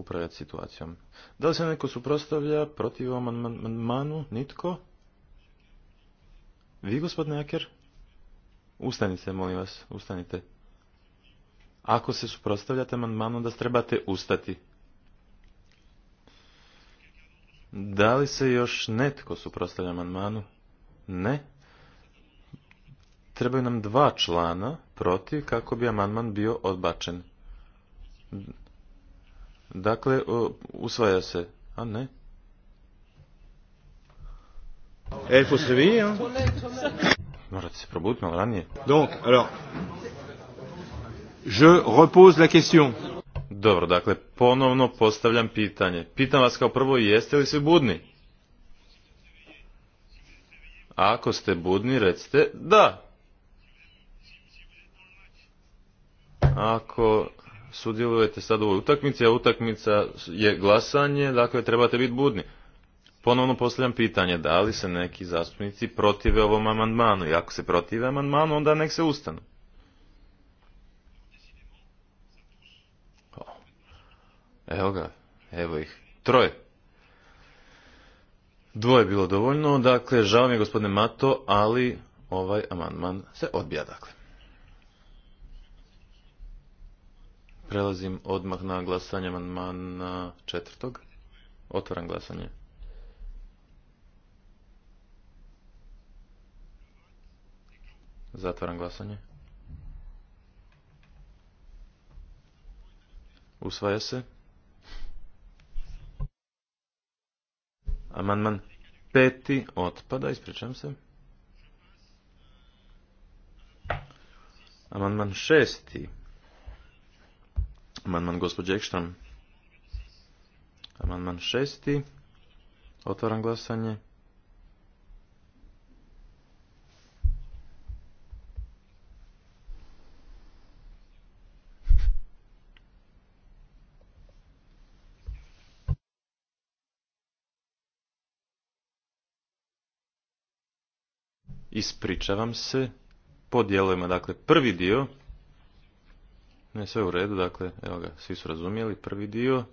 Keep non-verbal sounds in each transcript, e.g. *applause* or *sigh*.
upravljati situacijom. Da li se neko suprostavlja protiv amandmanu? Nitko? Vi, gospodine Aker? Ustanite, molim vas, ustanite. Ako se suprostavljate amandmanu, da trebate ustati. Da li se još netko suprostavlja amandmanu? Ne. Trebaju nam dva člana protiv kako bi amandman bio odbačen. Dakle, usvaja se. A ne? E, se Morate se probuditi malo ranije. Donc, alors, je repose la question. Dobro, dakle, ponovno postavljam pitanje. Pitam vas kao prvo, jeste li svi budni? Ako ste budni, recite da. Ako sudjelujete sad u ovoj utakmici, a utakmica je glasanje, dakle trebate biti budni. Ponovno postavljam pitanje, da li se neki zastupnici protive ovom amandmanu? I ako se protive amandmanu, onda nek se ustanu. Evo ga, evo ih, troje. Dvoje bilo dovoljno, dakle, žao mi je gospodine Mato, ali ovaj amandman se odbija, dakle. Prelazim odmah na glasanje amandmana četvrtog. Otvaram glasanje. Zatvaram glasanje. Usvaja se. Amandman peti otpada, ispričam se. Amandman šesti Amandman gospođe Man Amandman šesti. Otvaram glasanje. Ispričavam se. Podijelujemo dakle prvi dio ne, sve u redu, dakle, evo ga, svi su razumijeli prvi dio.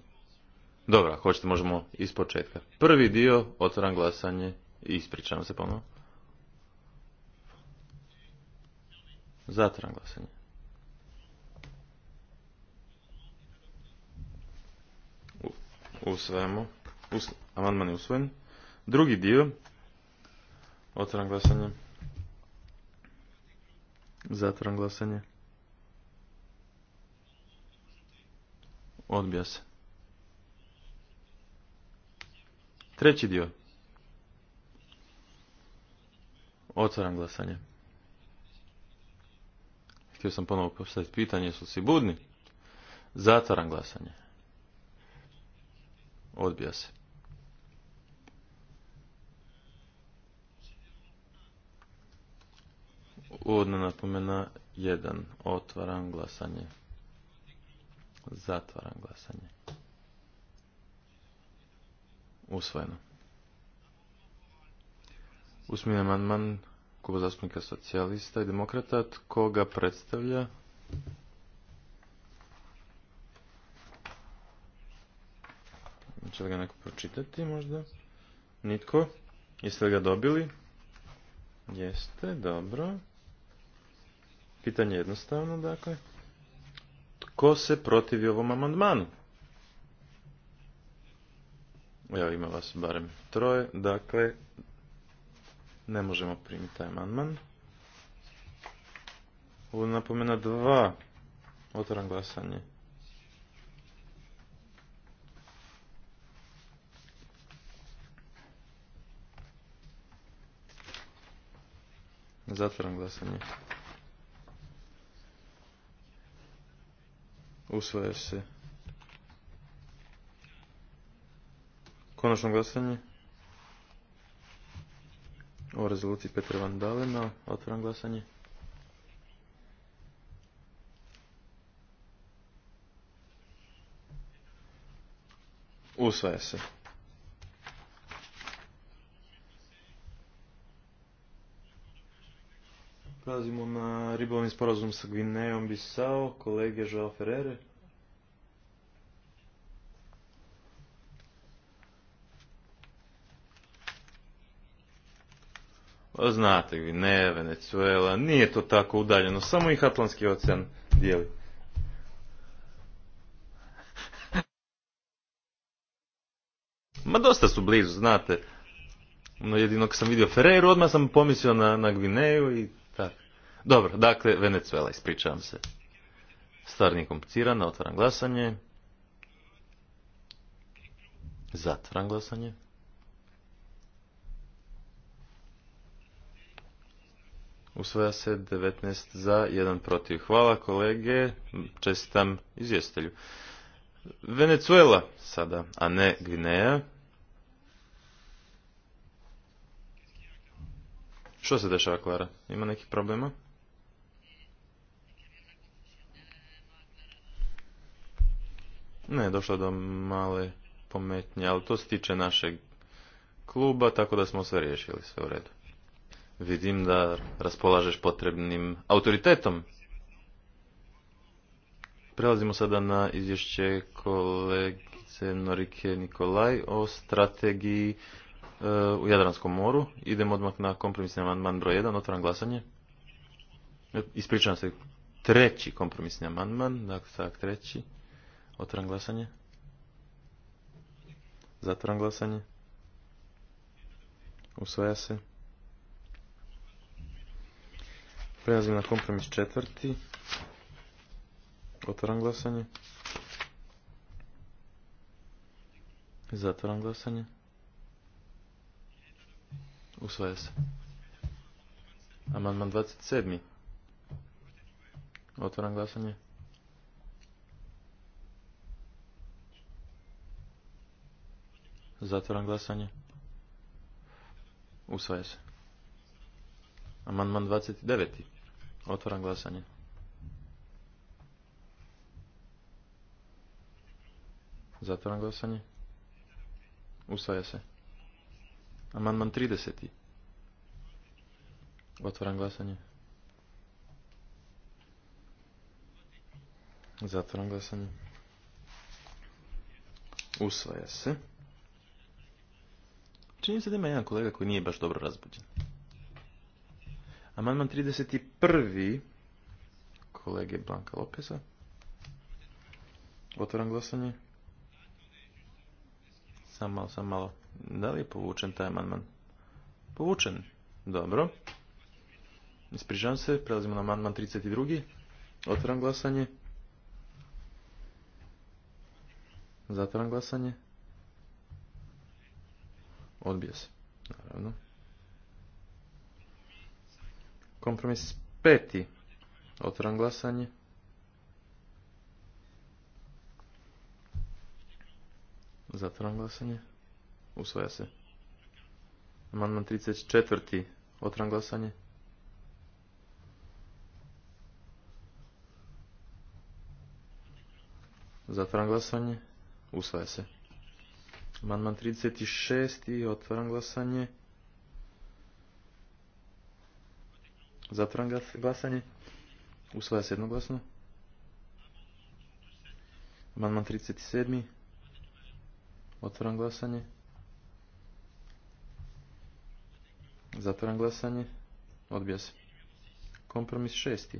Dobro, ako hoćete možemo iz početka. Prvi dio, otvaram glasanje i ispričavam se ponovno. Zatvaram glasanje. Usvajamo. amandman je usvojen. Drugi dio. Otvaram glasanje. Zatvaram glasanje. Odbija se. Treći dio. Otvaram glasanje. Htio sam ponovo postaviti pitanje, su si budni? Zatvaram glasanje. Odbija se. Uvodna napomena 1. Otvaram glasanje. Zatvaram glasanje. Usvojeno. Usmijen amandman Kluba zastupnika socijalista i demokrata. Tko ga predstavlja? Će li ga neko pročitati možda? Nitko? Jeste li ga dobili? Jeste, dobro. Pitanje je jednostavno, dakle. Ko se protivi ovom amandmanu? Evo ima vas barem troje, dakle ne možemo primiti taj amandman. Ovo napomena dva. Otvaram glasanje. Zatvaram glasanje. Usvaja se. Konačno glasanje. O rezoluciji Petra Van Dalena. Otvoram glasanje. Usvaja se. Prelazimo na ribovni sporazum sa Gvinejom Bisao, kolege Joao Ferrere. Pa znate, Gvineja, Venezuela, nije to tako udaljeno, samo ih Atlantski ocean dijeli. Ma dosta su blizu, znate. No jedino kad sam vidio Ferreru, odmah sam pomislio na, na Gvineju i dobro, dakle, Venezuela, ispričavam se. Stvar nije komplicirana, otvaram glasanje. Zatvaram glasanje. Usvaja se 19 za, 1 protiv. Hvala kolege, čestitam izvjestitelju Venezuela sada, a ne Gvineja. Što se dešava, Klara? Ima nekih problema? Ne, došlo do male pometnje, ali to se tiče našeg kluba, tako da smo sve riješili, sve u redu. Vidim da raspolažeš potrebnim autoritetom. Prelazimo sada na izvješće kolegice Norike Nikolaj o strategiji e, u Jadranskom moru. Idemo odmah na kompromisni amandman broj 1, Otvoram glasanje. E, ispričavam se, treći kompromisni amandman, dakle, treći. Otvaram glasanje. Zatvaram glasanje. Usvaja se. Prelazim na kompromis četvrti. Otvaram glasanje. Zatvaram glasanje. Usvaja se. Amandman 27. Otvaram glasanje. Zatvoram glasanje. Usvaja se. Amandman 29. Otvaram glasanje. Zatvoram glasanje. Usvaja se. Amandman 30. Otvaram glasanje. Zatvoram glasanje. Usvaja se. Čini se da ima jedan kolega koji nije baš dobro razbuđen. Amandman 31. kolege Blanka Lopesa. Otvoram glasanje. Sam malo, sam malo. Da li je povučen taj amandman? Povučen. Dobro. Ispričavam se, prelazimo na amandman 32. Otvaram glasanje. Zatvaram glasanje. Odbija se. Naravno. Kompromis peti. otvoran glasanje. Zatvoran glasanje. Usvaja se. Amandman 34. otvoran glasanje. Zatvoran glasanje. Usvaja se. Amandman 36. Otvaram glasanje. Zatvaram glasanje. Usvaja se jednoglasno. Amandman 37. Otvaram glasanje. Zatvaram glasanje. Odbija se. Kompromis 6.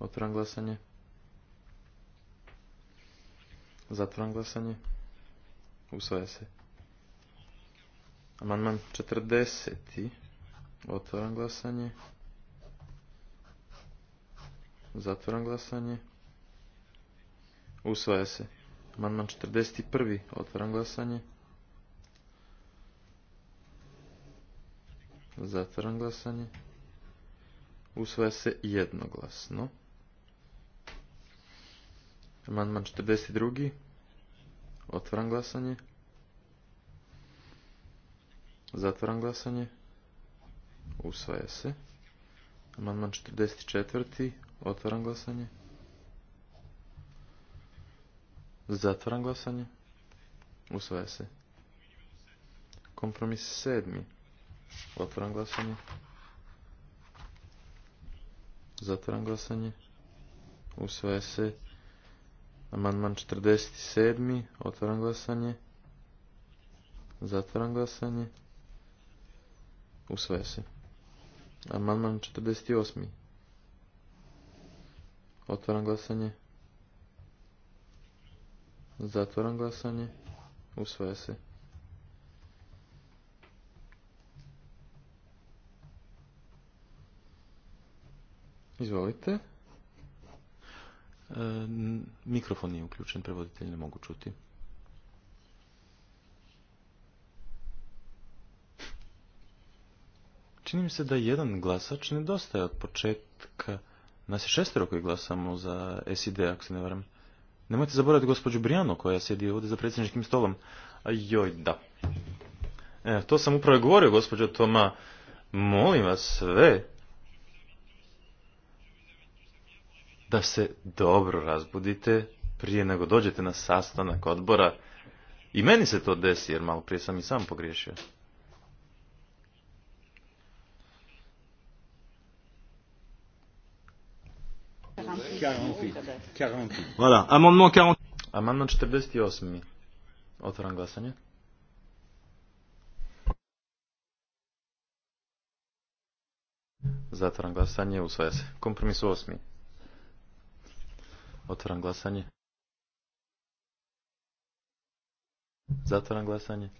Otvaram glasanje. Zatvaram glasanje. Usvaja se. Amandman 40. Otvaram glasanje. Zatvaram glasanje. Usvaja se. Amandman 41. Otvaram glasanje. Zatvaram glasanje. Usvaja se jednoglasno. Amandman 42. Otvaram glasanje. Zatvaram glasanje. Usvaja se. Amandman 44. Otvaram glasanje. Zatvaram glasanje. Usvaja se. Kompromis 7. Otvaram glasanje. Zatvaram glasanje. Usvaja se. Amandman 47. Otvaram glasanje. Zatvaram glasanje. Usvaja se. Amandman 48. Otvaram glasanje. Zatvaram glasanje. Usvaja se. Izvolite. E, mikrofon nije uključen, prevoditelj ne mogu čuti. Čini mi se da jedan glasač nedostaje od početka. Nas je šestero koji glasamo za SID, ako se ne varam. Nemojte zaboraviti gospođu Brijano koja sjedi ovdje za predsjedničkim stolom. A joj, da. E, to sam upravo govorio, gospođo Toma. Molim vas sve, da se dobro razbudite prije nego dođete na sastanak odbora. I meni se to desi, jer malo prije sam i sam pogriješio. Voilà, amendement 40. Amendement 48. Otvaram glasanje. Zatvaram glasanje, usvaja se. Kompromis 8. Otvaram glasanje. Zatvaram glasanje.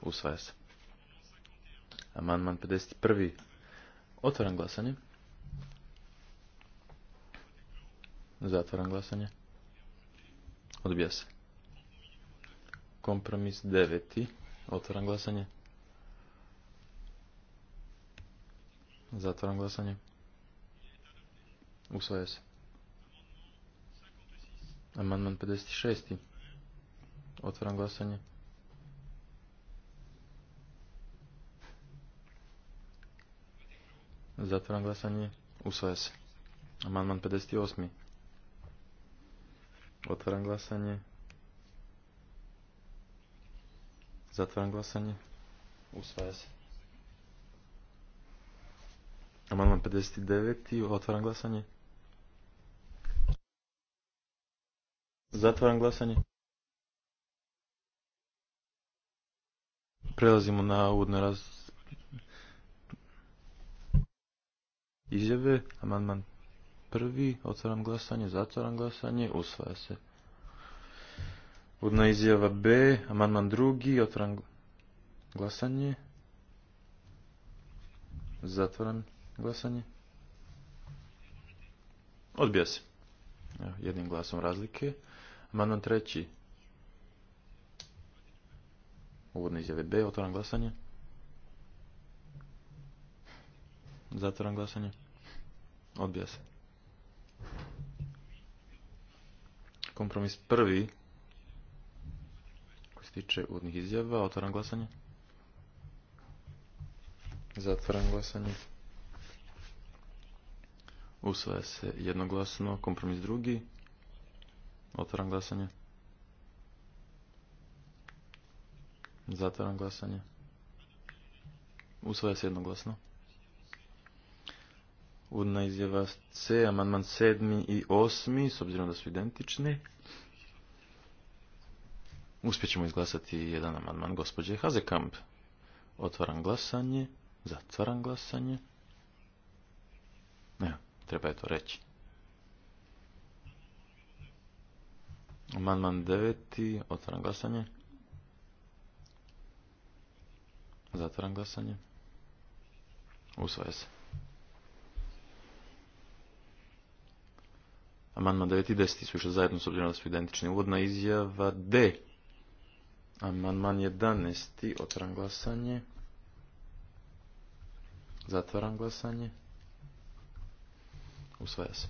Usvaja se. Amandman 51. Otvaram glasanje. Zatvaram glasanje. Odbija se. Kompromis 9. Otvaram glasanje. Zatvaram glasanje. Usvaja se. Amandman 56. Otvaram glasanje. Zatvaram glasanje. Usvaja se. Amandman 58. Otvaram glasanje. Zatvaram glasanje. Usvaja se. Amandman 59. Otvaram glasanje. Zatvaram glasanje. Prelazimo na uvodne raz... izjave. Amandman prvi. Otvaram glasanje. Zatvaram glasanje. Usvaja se. Uvodna izjava B. Amandman drugi. Otvaram glasanje. Zatvaram glasanje. Odbija se. Evo, jednim glasom razlike. Amandman treći. Uvodne izjave B. Otvaram glasanje. Zatvaram glasanje. Odbija se. Kompromis prvi koji se tiče uvodnih izjava. Otvaram glasanje. Zatvaram glasanje. Usvaja se jednoglasno. Kompromis drugi. Otvaram glasanje. Zatvaram glasanje. Usvaja se jednoglasno. Udna izjava C, amandman sedmi i osmi, s obzirom da su identični. Uspjećemo izglasati jedan amandman gospođe Hazekamp. Otvaram glasanje, zatvaram glasanje. Ne, treba je to reći. Amandman deveti, Otvaram glasanje. Zatvaram glasanje. Usvaja se. Amandman man i deseti, su išli zajedno s obzirom da su identični. Uvodna izjava D. Amandman jedanesti, Otvaram glasanje. Zatvaram glasanje. Usvaja se.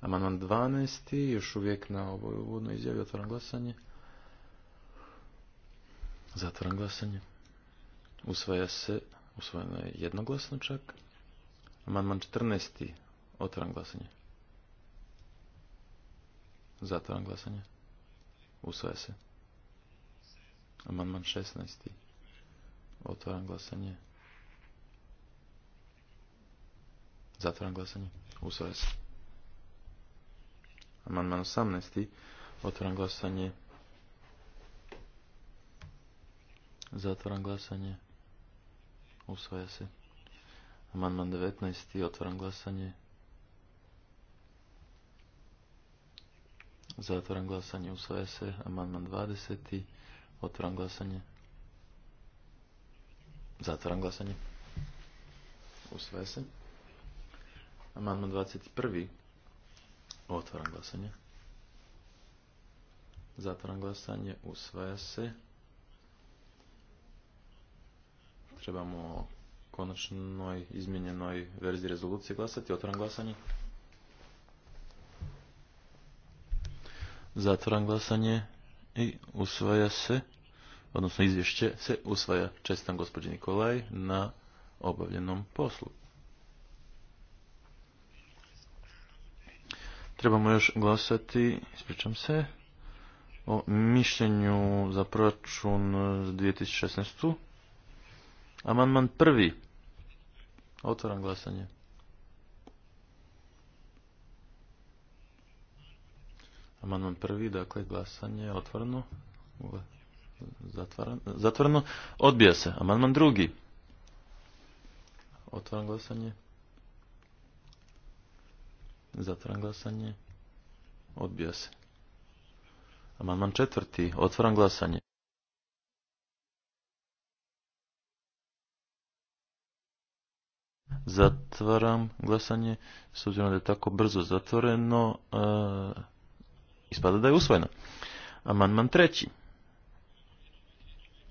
Amandman 12. Još uvijek na ovoj uvodnoj izjavi otvaram glasanje. Zatvaram glasanje. Usvaja se, usvojeno je jednoglasno čak. Amandman 14. Otvaram glasanje. Zatvaram glasanje. Usvaja se. Amandman 16. Otvaram glasanje. Zatvaram glasanje. Usvaja se. Amandman 18. Otvoram glasanje. Zatvoram glasanje. Usvaja se. Amandman 19. Otvoram glasanje. Zatvoram glasanje. Usvaja se. Amandman 20. Otvoram glasanje. Zatvoram glasanje. Usvaja se. Amandman 21. Otvaram glasanje. Zatvaram glasanje. Usvaja se. Trebamo konačnoj izmijenjenoj verziji rezolucije glasati. Otvaram glasanje. Zatvaram glasanje i usvaja se, odnosno izvješće se usvaja čestan gospođi Nikolaj na obavljenom poslu. Trebamo još glasati, ispričam se, o mišljenju za proračun 2016. Amandman prvi. Otvaram glasanje. Amandman prvi, dakle glasanje je otvoreno. Zatvoreno. Odbija se. Amandman drugi. otvoram glasanje. Zatvaram glasanje. Odbija se. Amandman četvrti. Otvaram glasanje. Zatvaram glasanje. S obzirom da je tako brzo zatvoreno, e, ispada da je usvojeno. Amandman treći.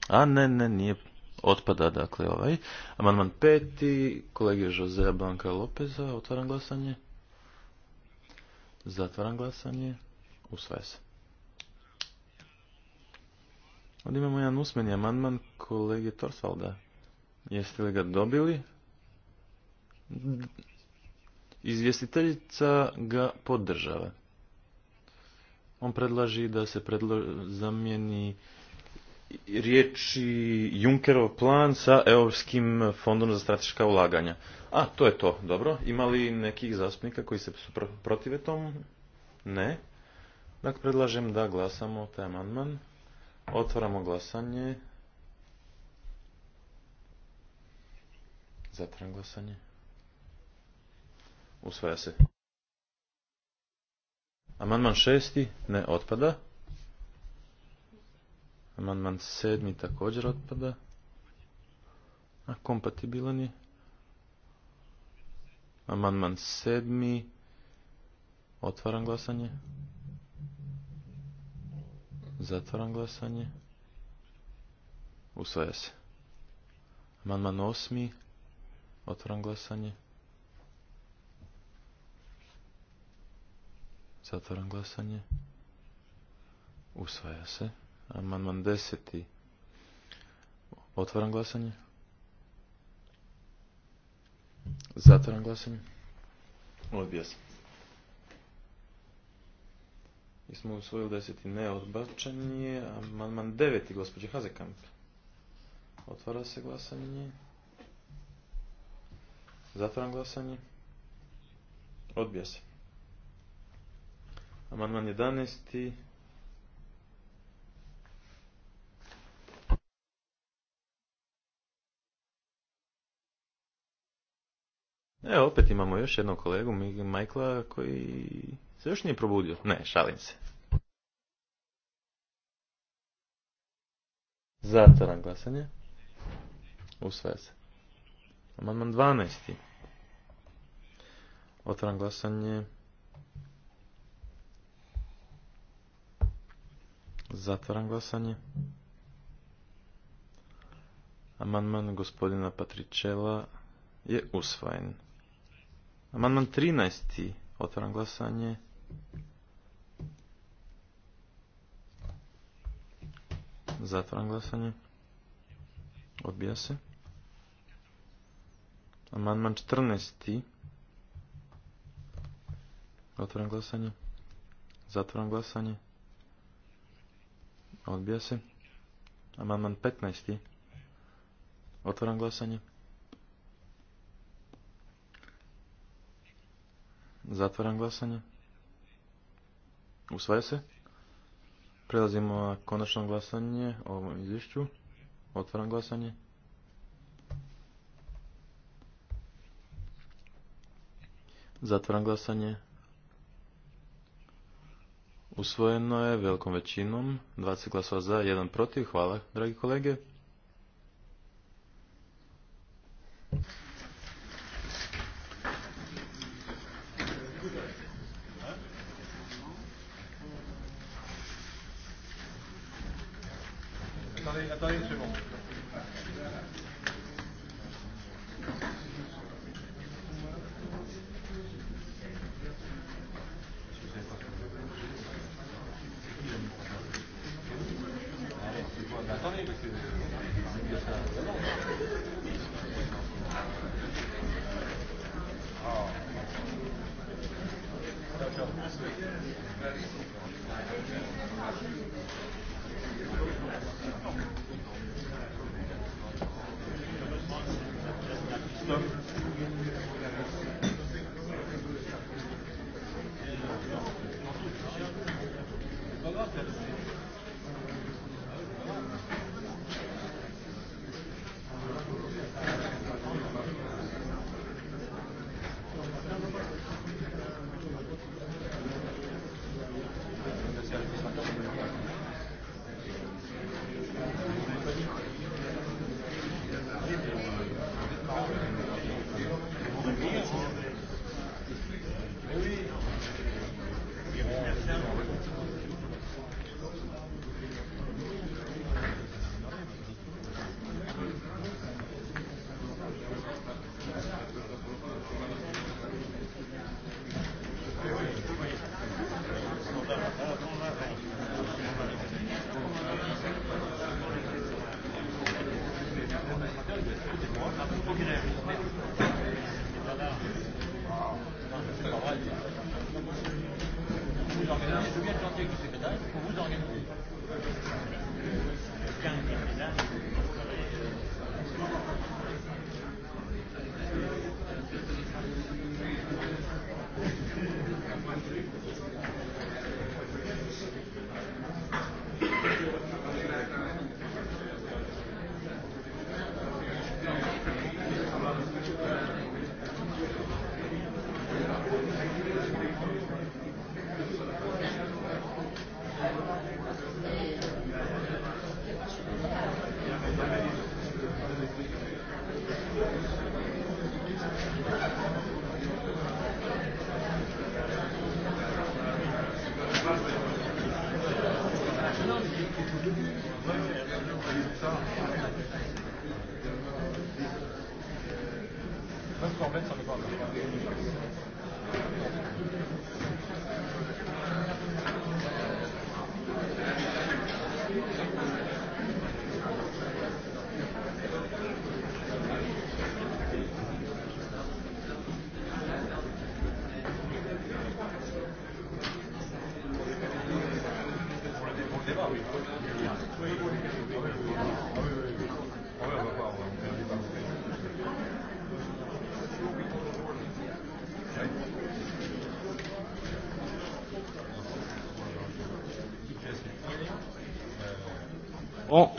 A ne, ne, nije otpada, dakle, ovaj. Amandman peti, kolege Josea Blanka Lopeza, otvaram glasanje. Zatvaram glasanje. Usvaja se. Ovdje imamo jedan usmeni amandman kolege Torsvalda. Jeste li ga dobili? Izvjestiteljica ga podržava. On predlaži da se zamijeni riječi Junkerov plan sa Europskim fondom za strateška ulaganja. A, to je to, dobro. Ima li nekih zastupnika koji se protive tomu? Ne. Dakle, predlažem da glasamo taj amandman. Otvaramo glasanje. Zatvaram glasanje. Usvaja se. Amandman šesti ne otpada. Amandman sedmi također otpada. A kompatibilan je. Amandman sedmi. Otvaram glasanje. Zatvaram glasanje. Usvaja se. Amandman osmi. Otvaram glasanje. Zatvaram glasanje. Usvaja se. Amandman deseti. Otvaram glasanje. Zatvaram glasanje. Odbija se. Mi smo usvojili deseti neodbačanje. je. Amandman deveti, gospođe Hazekamp. Otvara se glasanje. Zatvaram glasanje. Odbija se. Amandman jedanesti. Evo, opet imamo još jednog kolegu, Majkla, koji se još nije probudio. Ne, šalim se. Zatvaram glasanje. Usvaja se. Amandman 12. Otvaram glasanje. Zatvaram glasanje. Amandman gospodina Patričela je usvojen. Amandman 13. Otvaram glasanje. Zatvaram glasanje. Odbija se. Amandman 14. Otvaram glasanje. Zatvaram glasanje. Odbija se. Amandman 15. Otvaram glasanje. Zatvaram glasanje. Usvaja se. Prelazimo na konačno glasanje o ovom izvješću. Otvaram glasanje. Zatvaram glasanje. Usvojeno je velikom većinom, 20 glasova za, 1 protiv. Hvala, dragi kolege.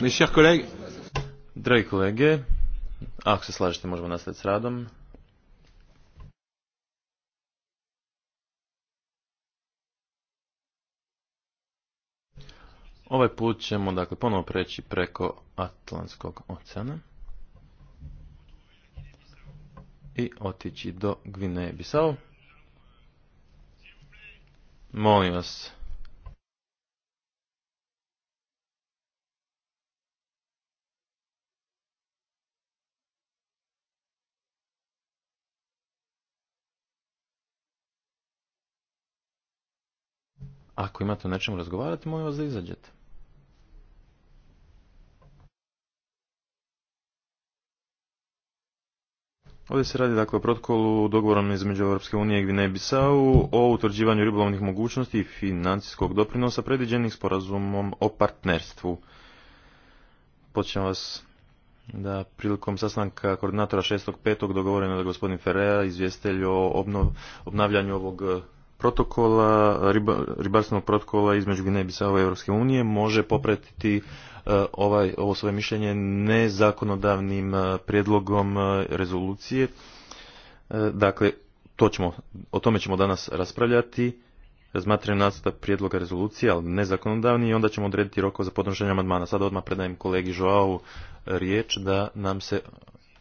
Mes chers collègues. Dragi kolege, ako se slažete možemo nastaviti s radom. Ovaj put ćemo dakle ponovo preći preko Atlantskog oceana i otići do Gvineje Bisao. Molim vas, Ako imate o nečem razgovarati, molim vas da izađete. Ovdje se radi dakle o protokolu dogovorom između Europske unije i gvine Bisau o utvrđivanju ribolovnih mogućnosti i financijskog doprinosa predviđenih sporazumom o partnerstvu. Počnem vas da prilikom sastanka koordinatora 6.5. dogovoreno da gospodin Ferreira izvjestelj o obnavljanju ovog protokola, ribarstvenog protokola između Gine i Europske unije može popratiti e, ovaj, ovo svoje mišljenje nezakonodavnim e, prijedlogom e, rezolucije. Dakle, to ćemo, o tome ćemo danas raspravljati razmatranje nacrta prijedloga rezolucije, ali nezakonodavni i onda ćemo odrediti roko za podnošenje amandmana. Sada odmah predajem kolegi Joao riječ da nam se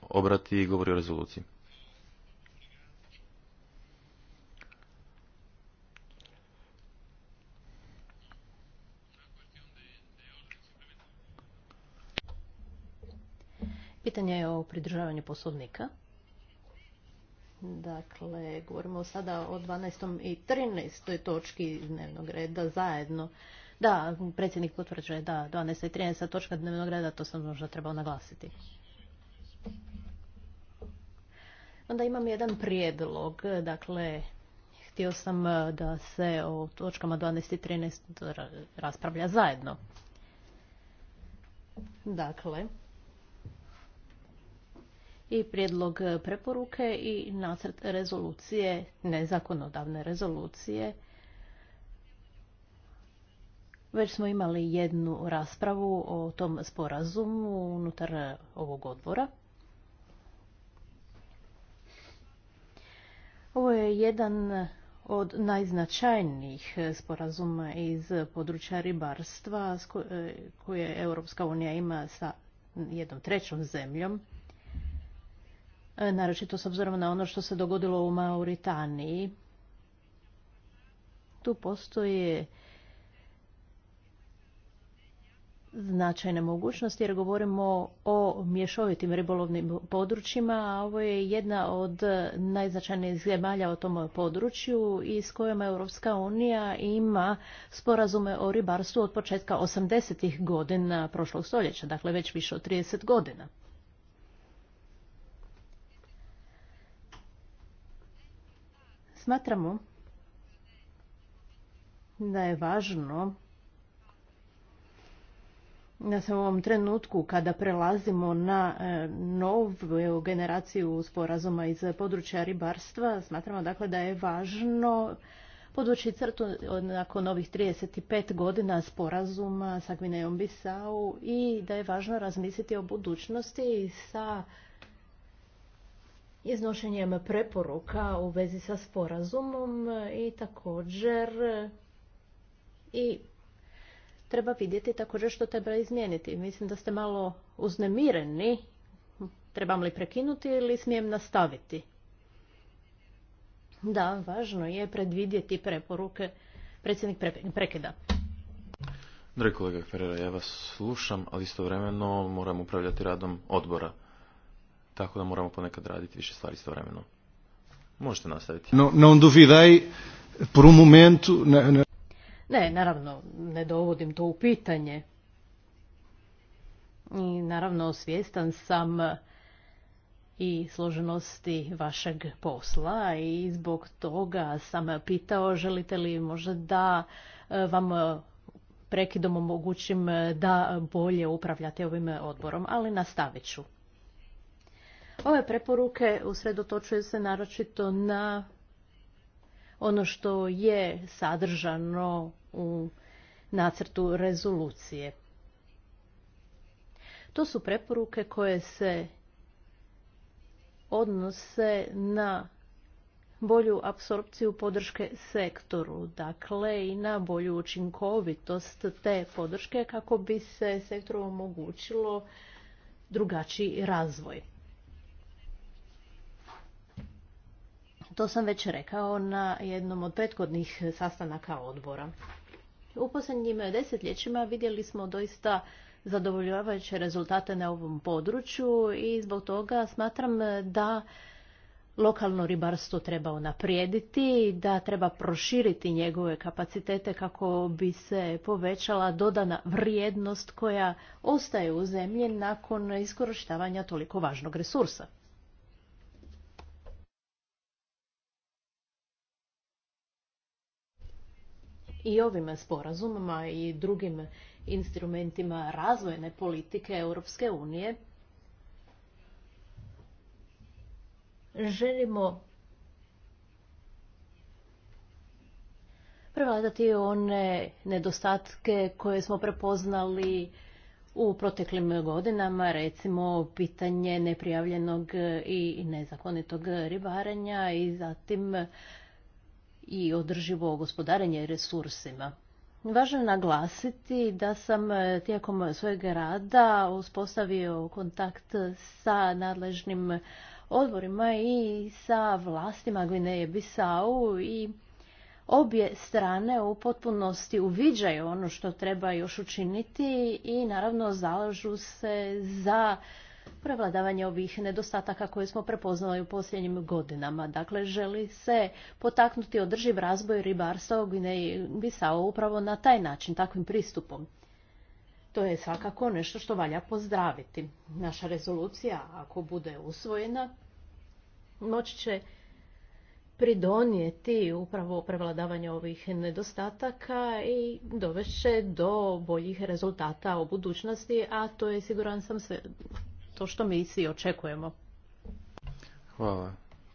obrati i govori o rezoluciji. Pitanje je o pridržavanju poslovnika. Dakle, govorimo sada o 12. i 13. točki dnevnog reda zajedno. Da, predsjednik potvrđuje da 12. i 13. točka dnevnog reda, to sam možda trebao naglasiti. Onda imam jedan prijedlog, dakle, htio sam da se o točkama 12 i 13 raspravlja zajedno. Dakle, i prijedlog e, preporuke i nacrt rezolucije, nezakonodavne rezolucije. Već smo imali jednu raspravu o tom sporazumu unutar ovog odbora. Ovo je jedan od najznačajnijih sporazuma iz područja ribarstva e, koje Europska unija ima sa jednom trećom zemljom. E, naročito s obzirom na ono što se dogodilo u Mauritaniji. Tu postoje značajne mogućnosti jer govorimo o mješovitim ribolovnim područjima, a ovo je jedna od najznačajnijih zemalja o tom području i s kojima Europska unija ima sporazume o ribarstvu od početka 80. godina prošlog stoljeća, dakle već više od 30 godina. Smatramo da je važno da se u ovom trenutku kada prelazimo na e, novu generaciju sporazuma iz područja ribarstva, smatramo dakle da je važno podvući crtu nakon ovih 35 godina sporazuma sa Gvinejom Bisau i da je važno razmisliti o budućnosti sa iznošenjem preporuka u vezi sa sporazumom i također i treba vidjeti također što treba izmijeniti. Mislim da ste malo uznemireni. Trebam li prekinuti ili smijem nastaviti? Da, važno je predvidjeti preporuke. Predsjednik prekida. Dragi kolega Ferreira, ja vas slušam, ali istovremeno moram upravljati radom odbora tako da moramo ponekad raditi više stvari istovremeno. Možete nastaviti. No, non Ne, ne. ne, naravno, ne dovodim to u pitanje. I naravno, svjestan sam i složenosti vašeg posla i zbog toga sam pitao želite li možda da e, vam prekidom omogućim da bolje upravljate ovim odborom, ali nastavit ću. Ove preporuke usredotočuju se naročito na ono što je sadržano u nacrtu rezolucije. To su preporuke koje se odnose na bolju apsorpciju podrške sektoru, dakle i na bolju učinkovitost te podrške kako bi se sektoru omogućilo drugačiji razvoj. To sam već rekao na jednom od prethodnih sastanaka odbora. U posljednjim desetljećima vidjeli smo doista zadovoljavajuće rezultate na ovom području i zbog toga smatram da lokalno ribarstvo treba unaprijediti, da treba proširiti njegove kapacitete kako bi se povećala dodana vrijednost koja ostaje u zemlji nakon iskorištavanja toliko važnog resursa. i ovim sporazumima i drugim instrumentima razvojne politike Europske unije želimo prevladati one nedostatke koje smo prepoznali u proteklim godinama, recimo pitanje neprijavljenog i nezakonitog ribarenja i zatim i održivo gospodarenje resursima. Važno je naglasiti da sam e, tijekom svojeg rada uspostavio kontakt sa nadležnim odborima i sa vlastima Gvineje Bisau i obje strane u potpunosti uviđaju ono što treba još učiniti i naravno zalažu se za prevladavanje ovih nedostataka koje smo prepoznali u posljednjim godinama. Dakle, želi se potaknuti održiv razvoj ribarstva u i Bisao upravo na taj način, takvim pristupom. To je svakako nešto što valja pozdraviti. Naša rezolucija, ako bude usvojena, moći će pridonijeti upravo prevladavanje ovih nedostataka i dovešće do boljih rezultata u budućnosti, a to je siguran sam sve, to što mi svi očekujemo. Hvala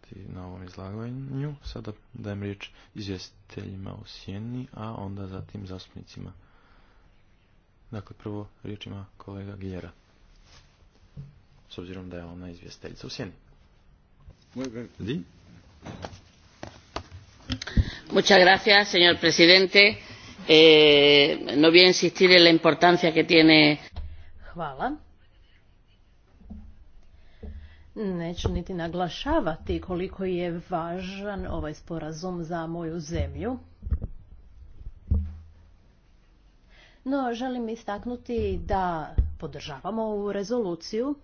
ti na ovom izlaganju. Sada dajem riječ izvjestiteljima u Sjeni, a onda zatim zastupnicima. Dakle, prvo riječ ima kolega Gijera. S obzirom da je ona izvjestiteljica u Sjeni. Di? Muchas gracias, señor presidente. Eh, no voy a la importancia que tiene. Hvala. Neću niti naglašavati koliko je važan ovaj sporazum za moju zemlju. No, želim istaknuti da podržavamo ovu rezoluciju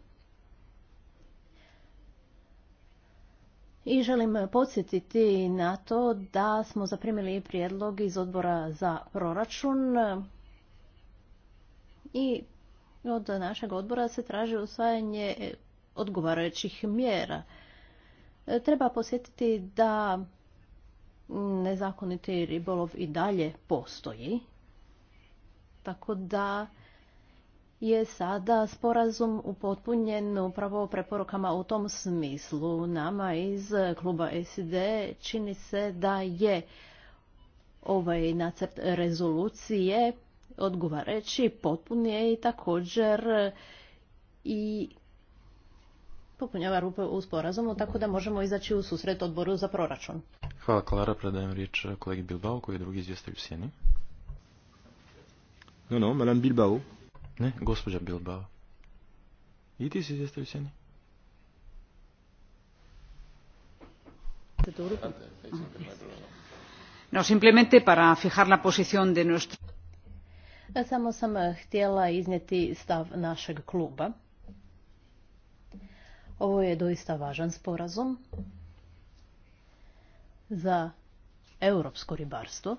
I želim podsjetiti na to da smo zaprimili prijedlog iz odbora za proračun i od našeg odbora se traži usvajanje odgovarajućih mjera. E, treba posjetiti da nezakoniti ribolov i dalje postoji, tako da je sada sporazum upotpunjen upravo preporukama u tom smislu. Nama iz kluba SID čini se da je ovaj nacrt rezolucije odgovarajući potpunije i također i popunjava rupe u sporazumu, tako da možemo izaći u susret odboru za proračun. Hvala Klara, predajem riječ eh, kolegi Bilbao koji je drugi izvjestitelj u Sjeni. No, no, madame Bilbao. Ne, gospođa Bilbao. I ti si izvjestitelj u Sjeni? No, simplemente para fijar la posición de nuestro... Samo sam htjela iznijeti stav našeg kluba. Ovo je doista važan sporazum za europsko ribarstvo.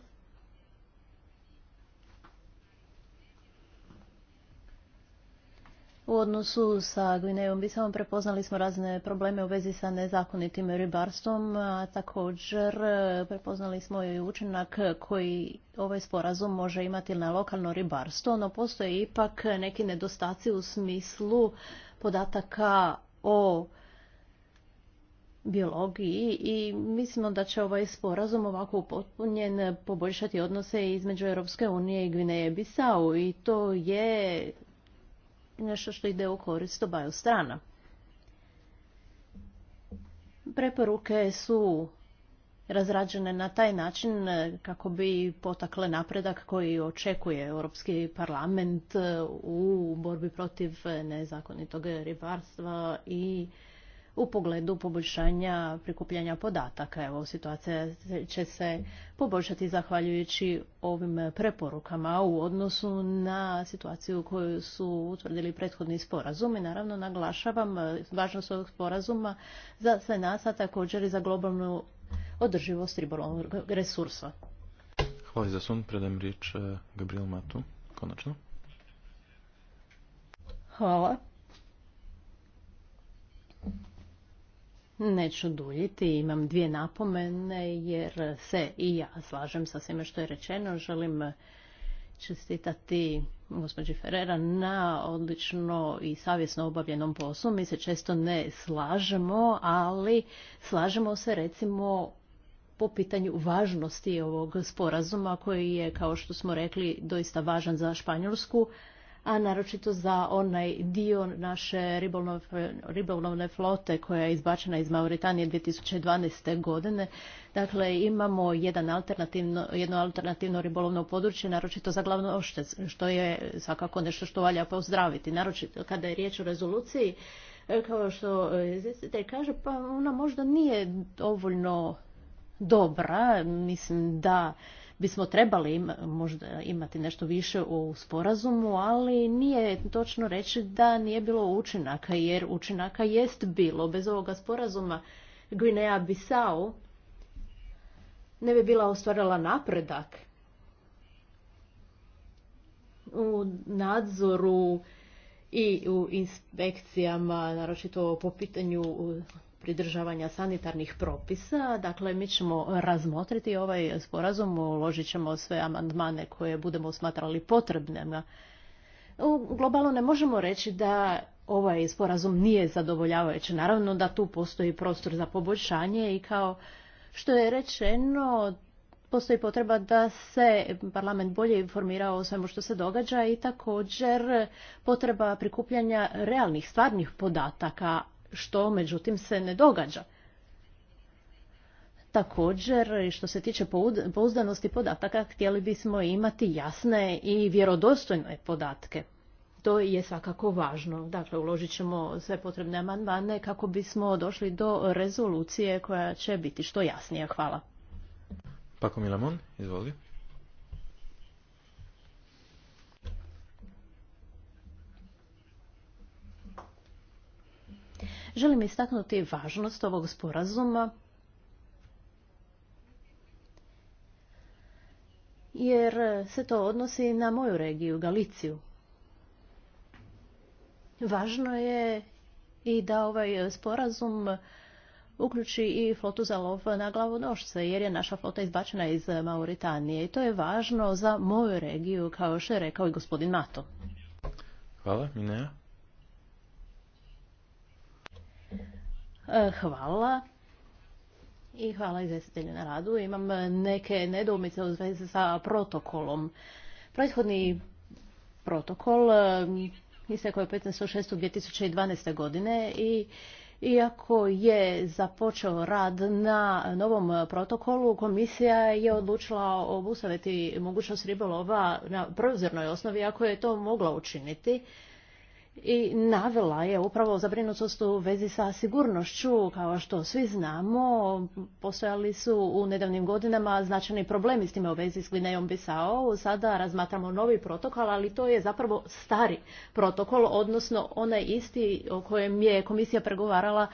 U odnosu sa Gvinejom Bisavom prepoznali smo razne probleme u vezi sa nezakonitim ribarstvom, a također e, prepoznali smo i učinak koji ovaj sporazum može imati na lokalno ribarstvo, no postoje ipak neki nedostaci u smislu podataka o biologiji i mislimo da će ovaj sporazum ovako upotpunjen poboljšati odnose između Europske unije i Gvineje Bisao i to je nešto što ide u korist obaju strana. Preporuke su razrađene na taj način e, kako bi potakle napredak koji očekuje Europski parlament e, u borbi protiv e, nezakonitog ribarstva i u pogledu poboljšanja prikupljanja podataka. Evo, situacija će se poboljšati zahvaljujući ovim preporukama u odnosu na situaciju koju su utvrdili prethodni sporazumi. naravno naglašavam važnost ovog sporazuma za sve nas, a također i za globalnu održivost ribolovnog resursa. Hvala za sun. Predajem riječ e, Gabriel Matu. Konačno. Hvala. Neću duljiti, imam dvije napomene jer se i ja slažem sa svime što je rečeno. Želim čestitati gospođi Ferrera na odlično i savjesno obavljenom poslu. Mi se često ne slažemo, ali slažemo se recimo po pitanju važnosti ovog sporazuma koji je, kao što smo rekli, doista važan za Španjolsku, a naročito za onaj dio naše ribolovne flote koja je izbačena iz Mauritanije 2012. godine. Dakle, imamo jedan jedno alternativno ribolovno područje, naročito za glavno oštec, što je svakako nešto što valja pozdraviti. Naročito kada je riječ o rezoluciji, e, kao što izvjestitelj kaže, pa ona možda nije dovoljno dobra. Mislim da bismo trebali možda imati nešto više u sporazumu, ali nije točno reći da nije bilo učinaka, jer učinaka jest bilo. Bez ovoga sporazuma Guinea-Bissau ne bi bila ostvarila napredak u nadzoru i u inspekcijama, naročito po pitanju pridržavanja sanitarnih propisa. Dakle, mi ćemo razmotriti ovaj sporazum, uložit ćemo sve amandmane koje budemo smatrali potrebne. U globalu ne možemo reći da ovaj sporazum nije zadovoljavajući. Naravno da tu postoji prostor za poboljšanje i kao što je rečeno, postoji potreba da se parlament bolje informira o svemu što se događa i također potreba prikupljanja realnih, stvarnih podataka, što međutim se ne događa. Također, što se tiče pouzdanosti podataka, htjeli bismo imati jasne i vjerodostojne podatke. To je svakako važno. Dakle, uložit ćemo sve potrebne amandmane kako bismo došli do rezolucije koja će biti što jasnija. Hvala. Pako Milamon, izvoli. Želim istaknuti važnost ovog sporazuma jer se to odnosi na moju regiju, Galiciju. Važno je i da ovaj sporazum uključi i flotu za lov na Nošce, jer je naša flota izbačena iz Mauritanije. I to je važno za moju regiju, kao što je rekao i gospodin Mato. Hvala, Minea. E, hvala. I hvala izvjestitelju na radu. Imam e, neke nedoumice u zvezi sa protokolom. Prethodni protokol e, istekao je 15.6.2012. godine i iako je započeo rad na novom protokolu, komisija je odlučila obustaviti mogućnost ribolova na prozirnoj osnovi ako je to mogla učiniti i navela je upravo zabrinutost u vezi sa sigurnošću. Kao što svi znamo, postojali su u nedavnim godinama značajni problemi s time u vezi s Gvinejom Bisao. Sada razmatramo novi protokol, ali to je zapravo stari protokol, odnosno onaj isti o kojem je komisija pregovarala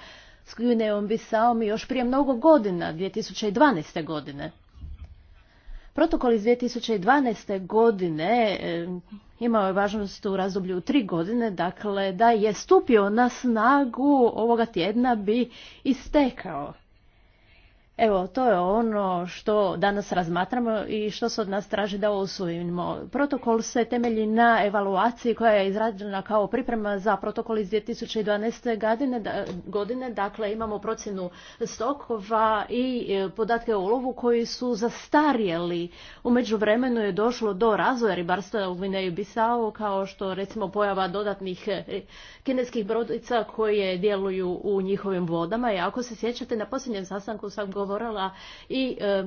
s Gvinejom Bisaom još prije mnogo godina, 2012. godine. Protokol iz 2012. godine e, imao je važnost u razdoblju tri godine, dakle da je stupio na snagu ovoga tjedna bi istekao. Evo, to je ono što danas razmatramo i što se od nas traži da osvojimo. Protokol se temelji na evaluaciji koja je izrađena kao priprema za protokol iz 2012. godine. godine dakle, imamo procjenu stokova i e, podatke o ulovu koji su zastarjeli. U vremenu je došlo do razvoja ribarstva u Gvineju Bisao, kao što recimo pojava dodatnih e, kineskih brodica koje djeluju u njihovim vodama. I ako se sjećate, na posljednjem sastanku sam govorila i e,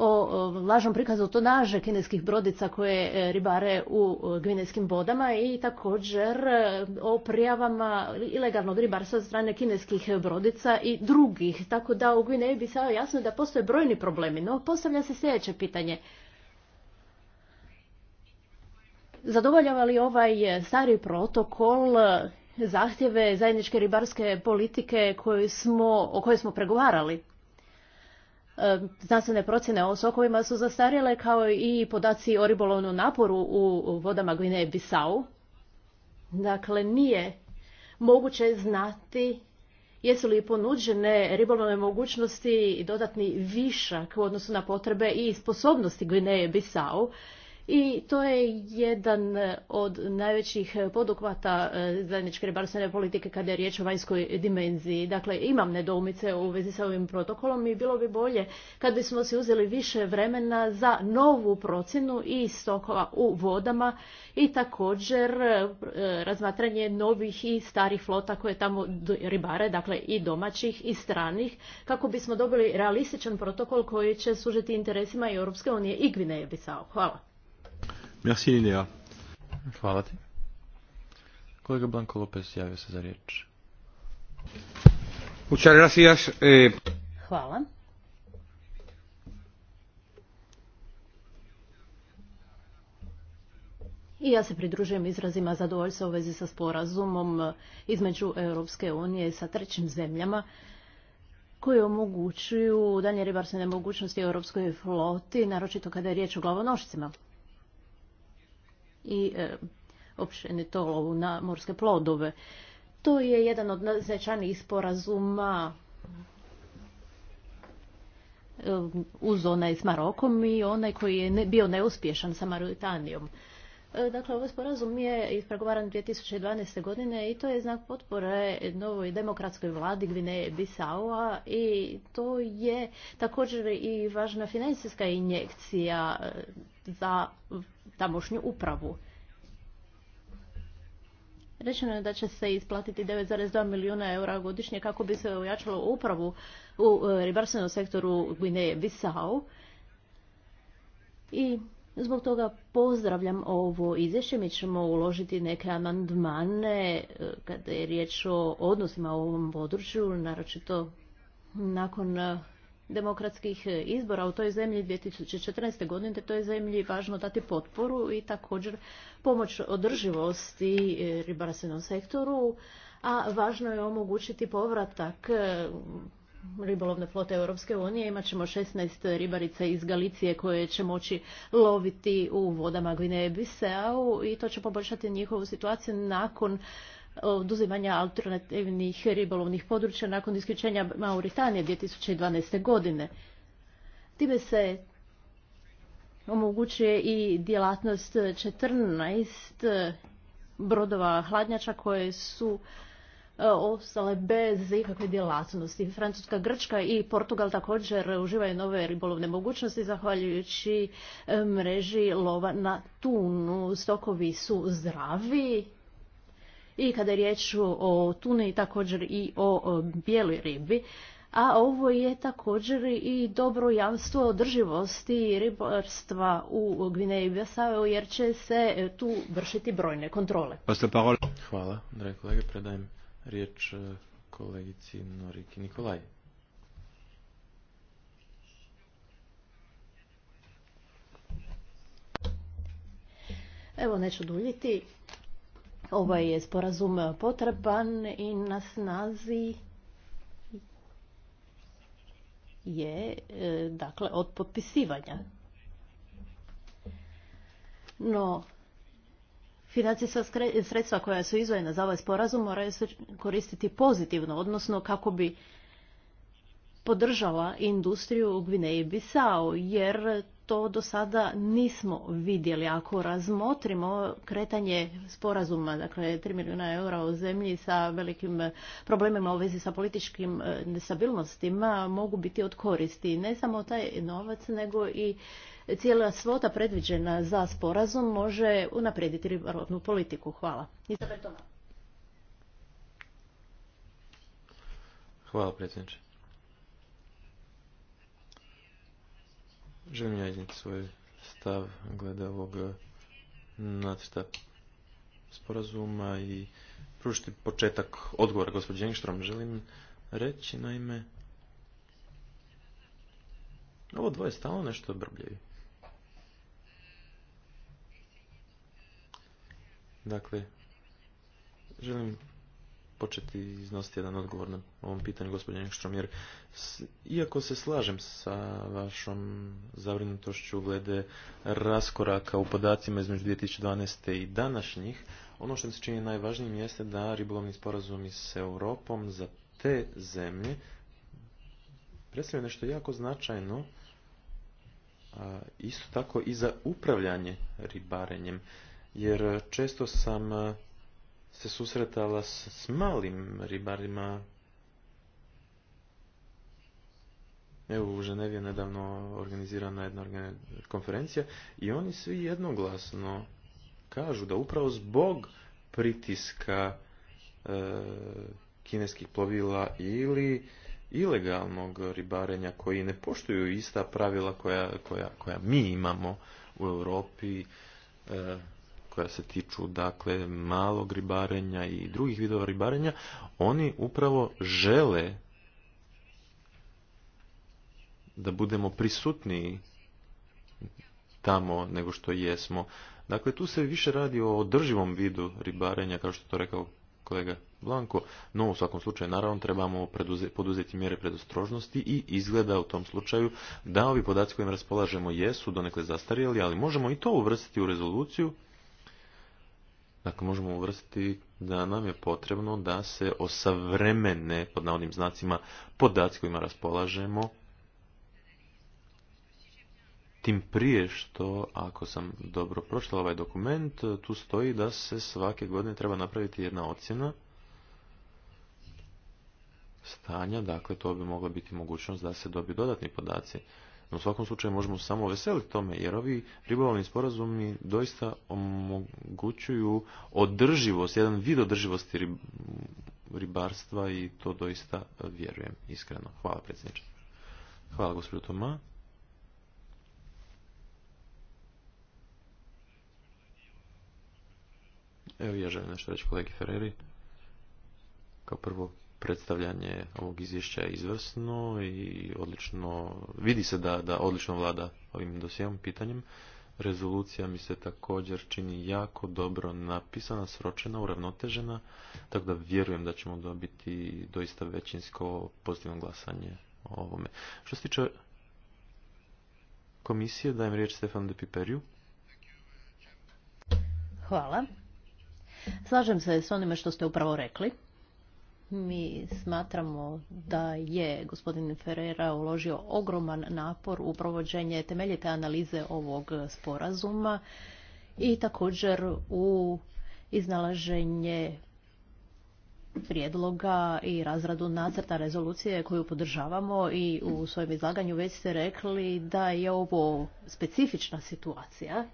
o lažnom prikazu tonaže kineskih brodica koje e, ribare u gvinejskim vodama i također e, o prijavama ilegalnog ribarstva od strane kineskih brodica i drugih. Tako da u Gvineji bi sad jasno da postoje brojni problemi. No postavlja se sljedeće pitanje. Zadovoljava li ovaj stari protokol zahtjeve zajedničke ribarske politike o kojoj smo pregovarali. E, znanstvene procjene o sokovima su zastarjele kao i podaci o ribolovnom naporu u vodama Gvineje Bisau. Dakle, nije moguće znati jesu li ponuđene ribolovne mogućnosti i dodatni višak u odnosu na potrebe i sposobnosti Gvineje Bisau i to je jedan od najvećih podukvata e, zajedničke ribarstvene politike kada je riječ o vanjskoj dimenziji. Dakle, imam nedoumice u vezi sa ovim protokolom i bilo bi bolje kad bismo si uzeli više vremena za novu procjenu i stokova u vodama i također e, razmatranje novih i starih flota koje tamo ribare, dakle i domaćih i stranih, kako bismo dobili realističan protokol koji će služiti interesima i Europske unije i Gvineje Bisao. Hvala. Merci, Hvala ti. Kolega Blanco Lopez javio se za riječ. Eh. Hvala. I ja se pridružujem izrazima zadovoljstva u vezi sa sporazumom između Europske unije i sa trećim zemljama koji omogućuju danje ribarstvene mogućnosti europskoj floti, naročito kada je riječ o glavonošcima i e, općenito lovu na morske plodove. To je jedan od najznačajnijih sporazuma e, uz onaj s Marokom i onaj koji je bio neuspješan sa Mauritanijom. E, dakle, ovaj sporazum je ispregovaran 2012. godine i to je znak potpore novoj demokratskoj vladi Gvineje Bisaua i to je također i važna financijska injekcija e, za tamošnju upravu. Rečeno je da će se isplatiti 9,2 milijuna eura godišnje kako bi se ojačalo upravu u e, ribarstvenom sektoru Gvineje Bisau. I Zbog toga pozdravljam ovo izvješće. Mi ćemo uložiti neke amandmane e, kada je riječ o odnosima u ovom području, naročito nakon e, demokratskih e, izbora u toj zemlji 2014. godine, te toj zemlji važno dati potporu i također pomoć održivosti ribarstvenom sektoru, a važno je omogućiti povratak ribolovne flote Europske unije imat ćemo 16 ribarica iz Galicije koje će moći loviti u vodama Gvineje i to će poboljšati njihovu situaciju nakon oduzimanja alternativnih ribolovnih područja nakon isključenja Mauritanije 2012. godine. Time se omogućuje i djelatnost 14 brodova hladnjača koje su E, ostale bez ikakve djelatnosti. Francuska, Grčka i Portugal također uživaju nove ribolovne mogućnosti zahvaljujući e, mreži lova na tunu. Stokovi su zdravi i kada je riječ o tuni također i o bijeloj ribi. A ovo je također i dobro jamstvo održivosti ribarstva u Gvineji i jer će se tu vršiti brojne kontrole. Hvala, dragi kolege, predajem riječ e, kolegici Noriki Nikolaj. Evo, neću duljiti. Ovaj je sporazum potreban i na snazi je, e, dakle, od potpisivanja. No, Financijska sredstva koja su izvojena za ovaj sporazum moraju se koristiti pozitivno, odnosno kako bi podržala industriju u Gvineji Bisao, jer to do sada nismo vidjeli. Ako razmotrimo kretanje sporazuma, dakle 3 milijuna eura u zemlji sa velikim problemima u vezi sa političkim e, nestabilnostima, mogu biti od koristi. Ne samo taj novac, nego i cijela svota predviđena za sporazum može unaprijediti ribarodnu politiku. Hvala. Hvala predsjedniče. Želim ja iznijeti svoj stav glede ovog eh, nacrta sporazuma i pružiti početak odgovora gospođe Engstrom. Želim reći naime ovo dvoje stalno nešto brbljaju. Dakle, želim početi iznositi jedan odgovor na ovom pitanju, gospodin Engstrom, jer iako se slažem sa vašom zabrinutošću glede raskoraka u podacima između 2012. i današnjih, ono što mi se čini najvažnijim jeste da ribolovni sporazumi s Europom za te zemlje predstavljaju nešto jako značajno, isto tako i za upravljanje ribarenjem jer e, često sam e, se susretala s, malim ribarima. Evo u Ženevi je nedavno organizirana jedna konferencija i oni svi jednoglasno kažu da upravo zbog pritiska e, kineskih plovila ili ilegalnog ribarenja koji ne poštuju ista pravila koja, koja, koja mi imamo u Europi koja se tiču dakle malog ribarenja i drugih vidova ribarenja, oni upravo žele da budemo prisutniji tamo nego što jesmo. Dakle, tu se više radi o održivom vidu ribarenja, kao što je to rekao kolega Blanko, no u svakom slučaju naravno trebamo poduzeti mjere predostrožnosti i izgleda u tom slučaju da ovi podaci kojim raspolažemo jesu donekle zastarjeli, ali možemo i to uvrstiti u rezoluciju Dakle, možemo uvrstiti da nam je potrebno da se osavremene, pod navodnim znacima, podaci kojima raspolažemo, tim prije što, ako sam dobro prošla ovaj dokument, tu stoji da se svake godine treba napraviti jedna ocjena stanja, dakle to bi mogla biti mogućnost da se dobiju dodatni podaci. No u svakom slučaju možemo samo veseliti tome, jer ovi ribolovni sporazumi doista omogućuju održivost, jedan vid održivosti ribarstva i to doista vjerujem, iskreno. Hvala predsjedniče. Hvala gospodinu Toma. Evo ja želim nešto reći kolegi Ferreri. Kao prvo, predstavljanje ovog izvješća je izvrsno i odlično, vidi se da, da odlično vlada ovim dosijevom pitanjem. Rezolucija mi se također čini jako dobro napisana, sročena, uravnotežena, tako da vjerujem da ćemo dobiti doista većinsko pozitivno glasanje o ovome. Što se tiče komisije, dajem riječ Stefan de Piperiju. Hvala. Slažem se s onime što ste upravo rekli. Mi smatramo da je gospodin Ferreira uložio ogroman napor u provođenje temeljite analize ovog sporazuma i također u iznalaženje prijedloga i razradu nacrta rezolucije koju podržavamo i u svojem izlaganju već ste rekli da je ovo specifična situacija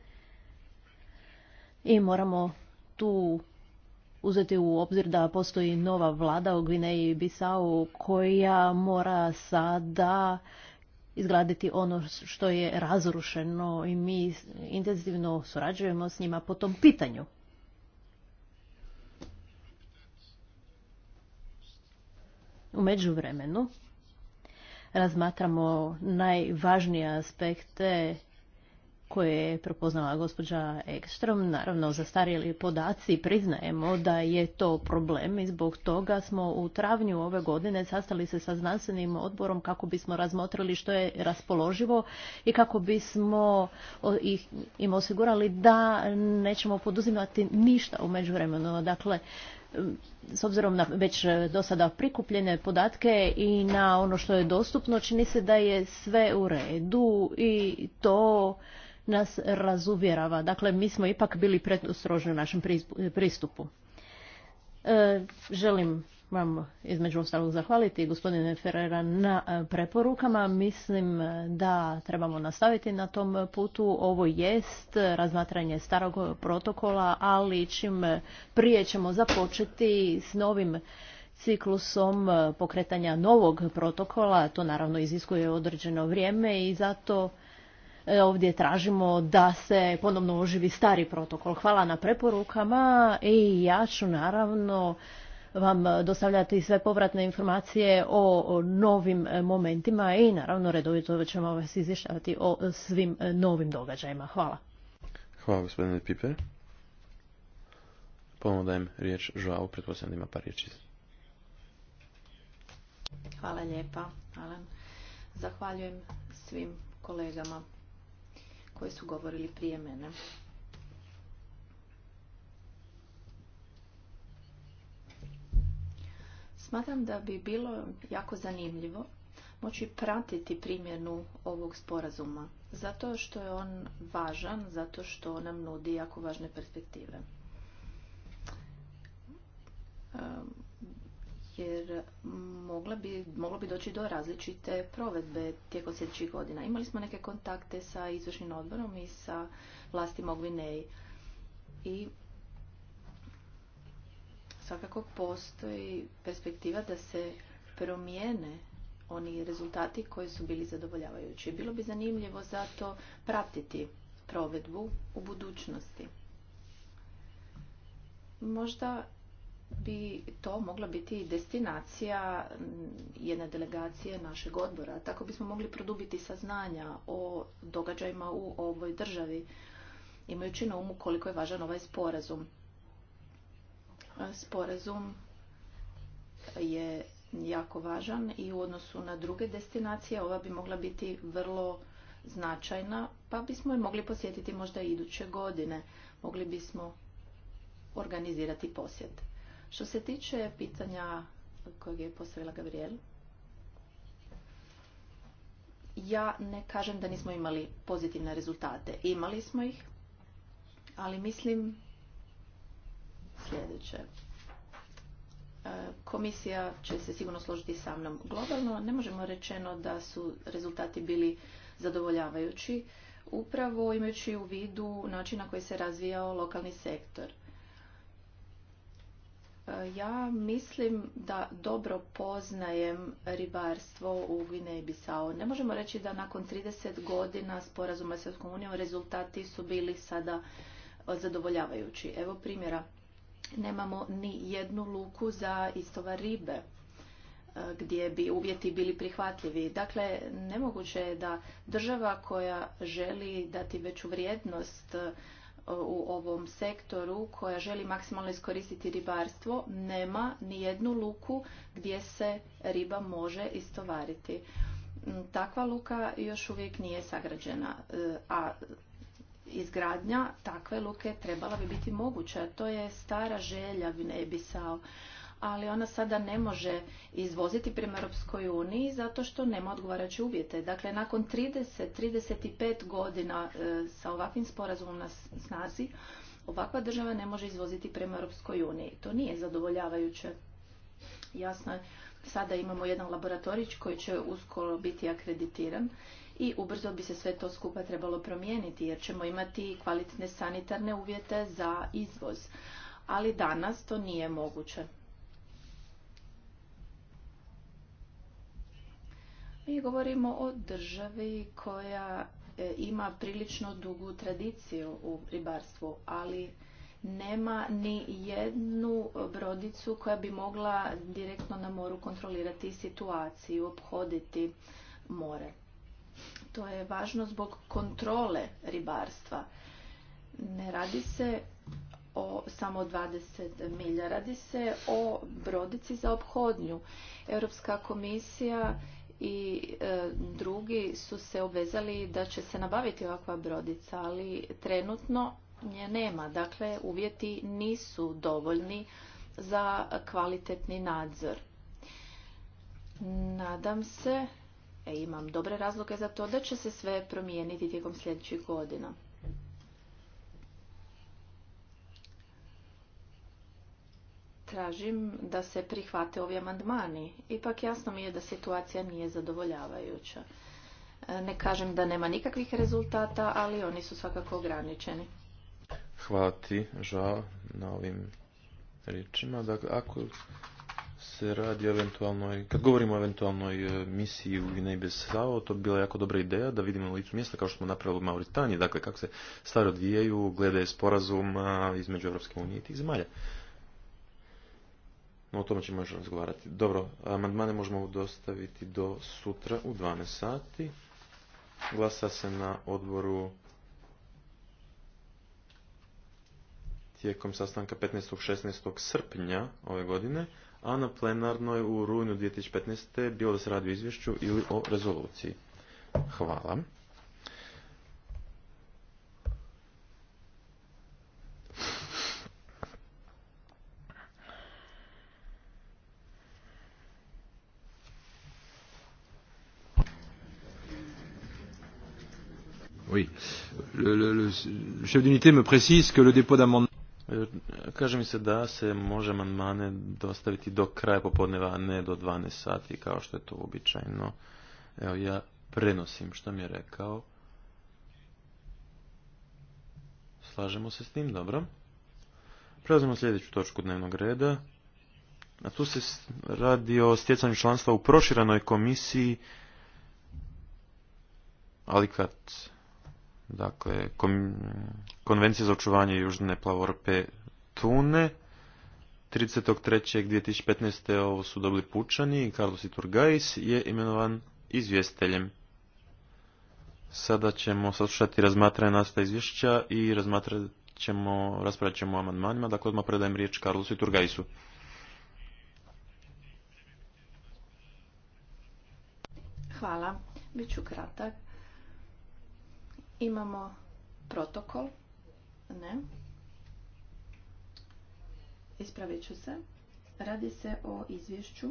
i moramo tu uzeti u obzir da postoji nova vlada u Gvineji i Bisau koja mora sada izgraditi ono što je razrušeno i mi intenzivno surađujemo s njima po tom pitanju. U međuvremenu razmatramo najvažnije aspekte koje je propoznala gospođa Ekstrom. Naravno, zastarjeli podaci priznajemo da je to problem i zbog toga smo u travnju ove godine sastali se sa znanstvenim odborom kako bismo razmotrili što je raspoloživo i kako bismo im osigurali da nećemo poduzimati ništa u međuvremenu. Dakle, s obzirom na već do sada prikupljene podatke i na ono što je dostupno, čini se da je sve u redu i to nas razuvjerava. Dakle, mi smo ipak bili predostrožni u našem e, pristupu. E, želim vam između ostalog zahvaliti gospodine Ferrera na e, preporukama. Mislim da trebamo nastaviti na tom putu. Ovo jest razmatranje starog protokola, ali čim prije ćemo započeti s novim ciklusom pokretanja novog protokola. To naravno iziskuje određeno vrijeme i zato E, ovdje tražimo da se ponovno oživi stari protokol. Hvala na preporukama i ja ću naravno vam dostavljati sve povratne informacije o novim momentima i naravno redovito ćemo vas izvještavati o svim novim događajima. Hvala. Hvala gospodine Piper. Ponovno dajem riječ Žao, pretpostavljam ima par riječi. Hvala lijepa, Zahvaljujem svim kolegama koje su govorili prije mene. Smatram da bi bilo jako zanimljivo moći pratiti primjenu ovog sporazuma, zato što je on važan, zato što nam nudi jako važne perspektive. Ehm, jer mogla bi, moglo bi doći do različite provedbe tijekom sljedećih godina. Imali smo neke kontakte sa izvršnim odborom i sa vlastima u Gvineji. I svakako postoji perspektiva da se promijene oni rezultati koji su bili zadovoljavajući. Bilo bi zanimljivo zato pratiti provedbu u budućnosti. Možda bi to mogla biti destinacija mm, jedne delegacije našeg odbora. Tako bismo mogli produbiti saznanja o događajima u ovoj državi, imajući na umu koliko je važan ovaj sporazum. Sporazum je jako važan i u odnosu na druge destinacije ova bi mogla biti vrlo značajna, pa bismo je mogli posjetiti možda iduće godine. Mogli bismo organizirati posjet. Što se tiče pitanja kojeg je postavila Gabriel, ja ne kažem da nismo imali pozitivne rezultate. Imali smo ih, ali mislim sljedeće. E, komisija će se sigurno složiti sa mnom globalno. Ne možemo rečeno da su rezultati bili zadovoljavajući, upravo imajući u vidu način na koji se razvijao lokalni sektor. E, ja mislim da dobro poznajem ribarstvo u Gvineji Bisao. Ne možemo reći da nakon 30 godina sporazuma s Svjetskom unijom rezultati su bili sada e, zadovoljavajući. Evo primjera. Nemamo ni jednu luku za istova ribe e, gdje bi uvjeti bili prihvatljivi. Dakle, nemoguće je da država koja želi dati veću vrijednost u ovom sektoru koja želi maksimalno iskoristiti ribarstvo nema ni jednu luku gdje se riba može istovariti. Mm, takva luka još uvijek nije sagrađena, e, a izgradnja takve luke trebala bi biti moguća. To je stara želja sao ali ona sada ne može izvoziti prema Europskoj uniji zato što nema odgovarajuće uvjete. Dakle, nakon 30-35 godina e, sa ovakvim sporazumom na snazi, ovakva država ne može izvoziti prema Europskoj uniji. To nije zadovoljavajuće. Jasno je, sada imamo jedan laboratorić koji će uskoro biti akreditiran i ubrzo bi se sve to skupa trebalo promijeniti jer ćemo imati kvalitetne sanitarne uvjete za izvoz. Ali danas to nije moguće. Mi govorimo o državi koja e, ima prilično dugu tradiciju u ribarstvu, ali nema ni jednu brodicu koja bi mogla direktno na moru kontrolirati situaciju, obhoditi more. To je važno zbog kontrole ribarstva. Ne radi se o samo 20 milja, radi se o brodici za obhodnju. Europska komisija i e, drugi su se obvezali da će se nabaviti ovakva brodica, ali trenutno nje nema. Dakle, uvjeti nisu dovoljni za kvalitetni nadzor. Nadam se, e, imam dobre razloge za to, da će se sve promijeniti tijekom sljedećih godina. tražim da se prihvate ovi amandmani. Ipak jasno mi je da situacija nije zadovoljavajuća. E, ne kažem da nema nikakvih rezultata, ali oni su svakako ograničeni. Hvala ti, žao, na ovim riječima. Dakle, ako se radi o eventualnoj, kad govorimo o eventualnoj e, misiji u Gvinej to bi bila jako dobra ideja da vidimo licu mjesta kao što smo napravili u Mauritaniji, dakle kako se stvari odvijaju glede sporazuma između Europske unije i tih zemalja. No, o tome ćemo još razgovarati. Dobro, amandmane možemo dostaviti do sutra u 12 sati. Glasa se na odboru tijekom sastanka 15. 16. srpnja ove godine, a na plenarnoj u rujnu 2015. bilo da se radi o izvješću ili o rezoluciji. Hvala. Oui. Le, le, le chef d'unité e, Kaže mi se da se može amandmane dostaviti do kraja popodneva, a ne do 12 sati, kao što je to običajno. Evo, ja prenosim što mi je rekao. Slažemo se s tim, dobro. Prelazimo sljedeću točku dnevnog reda. A tu se radi o stjecanju članstva u proširanoj komisiji kad dakle, konvencija za očuvanje južne plavorpe Tune, 33.2015. ovo su dobili pučani i Carlos Iturgais je imenovan izvjestiteljem. Sada ćemo saslušati razmatranje nasta izvješća i razmatrat ćemo, raspravit ćemo o amandmanima, dakle odmah predajem riječ Carlosu Iturgaisu. Hvala, bit ću kratak Imamo protokol. Ne. Ispravit ću se. Radi se o izvješću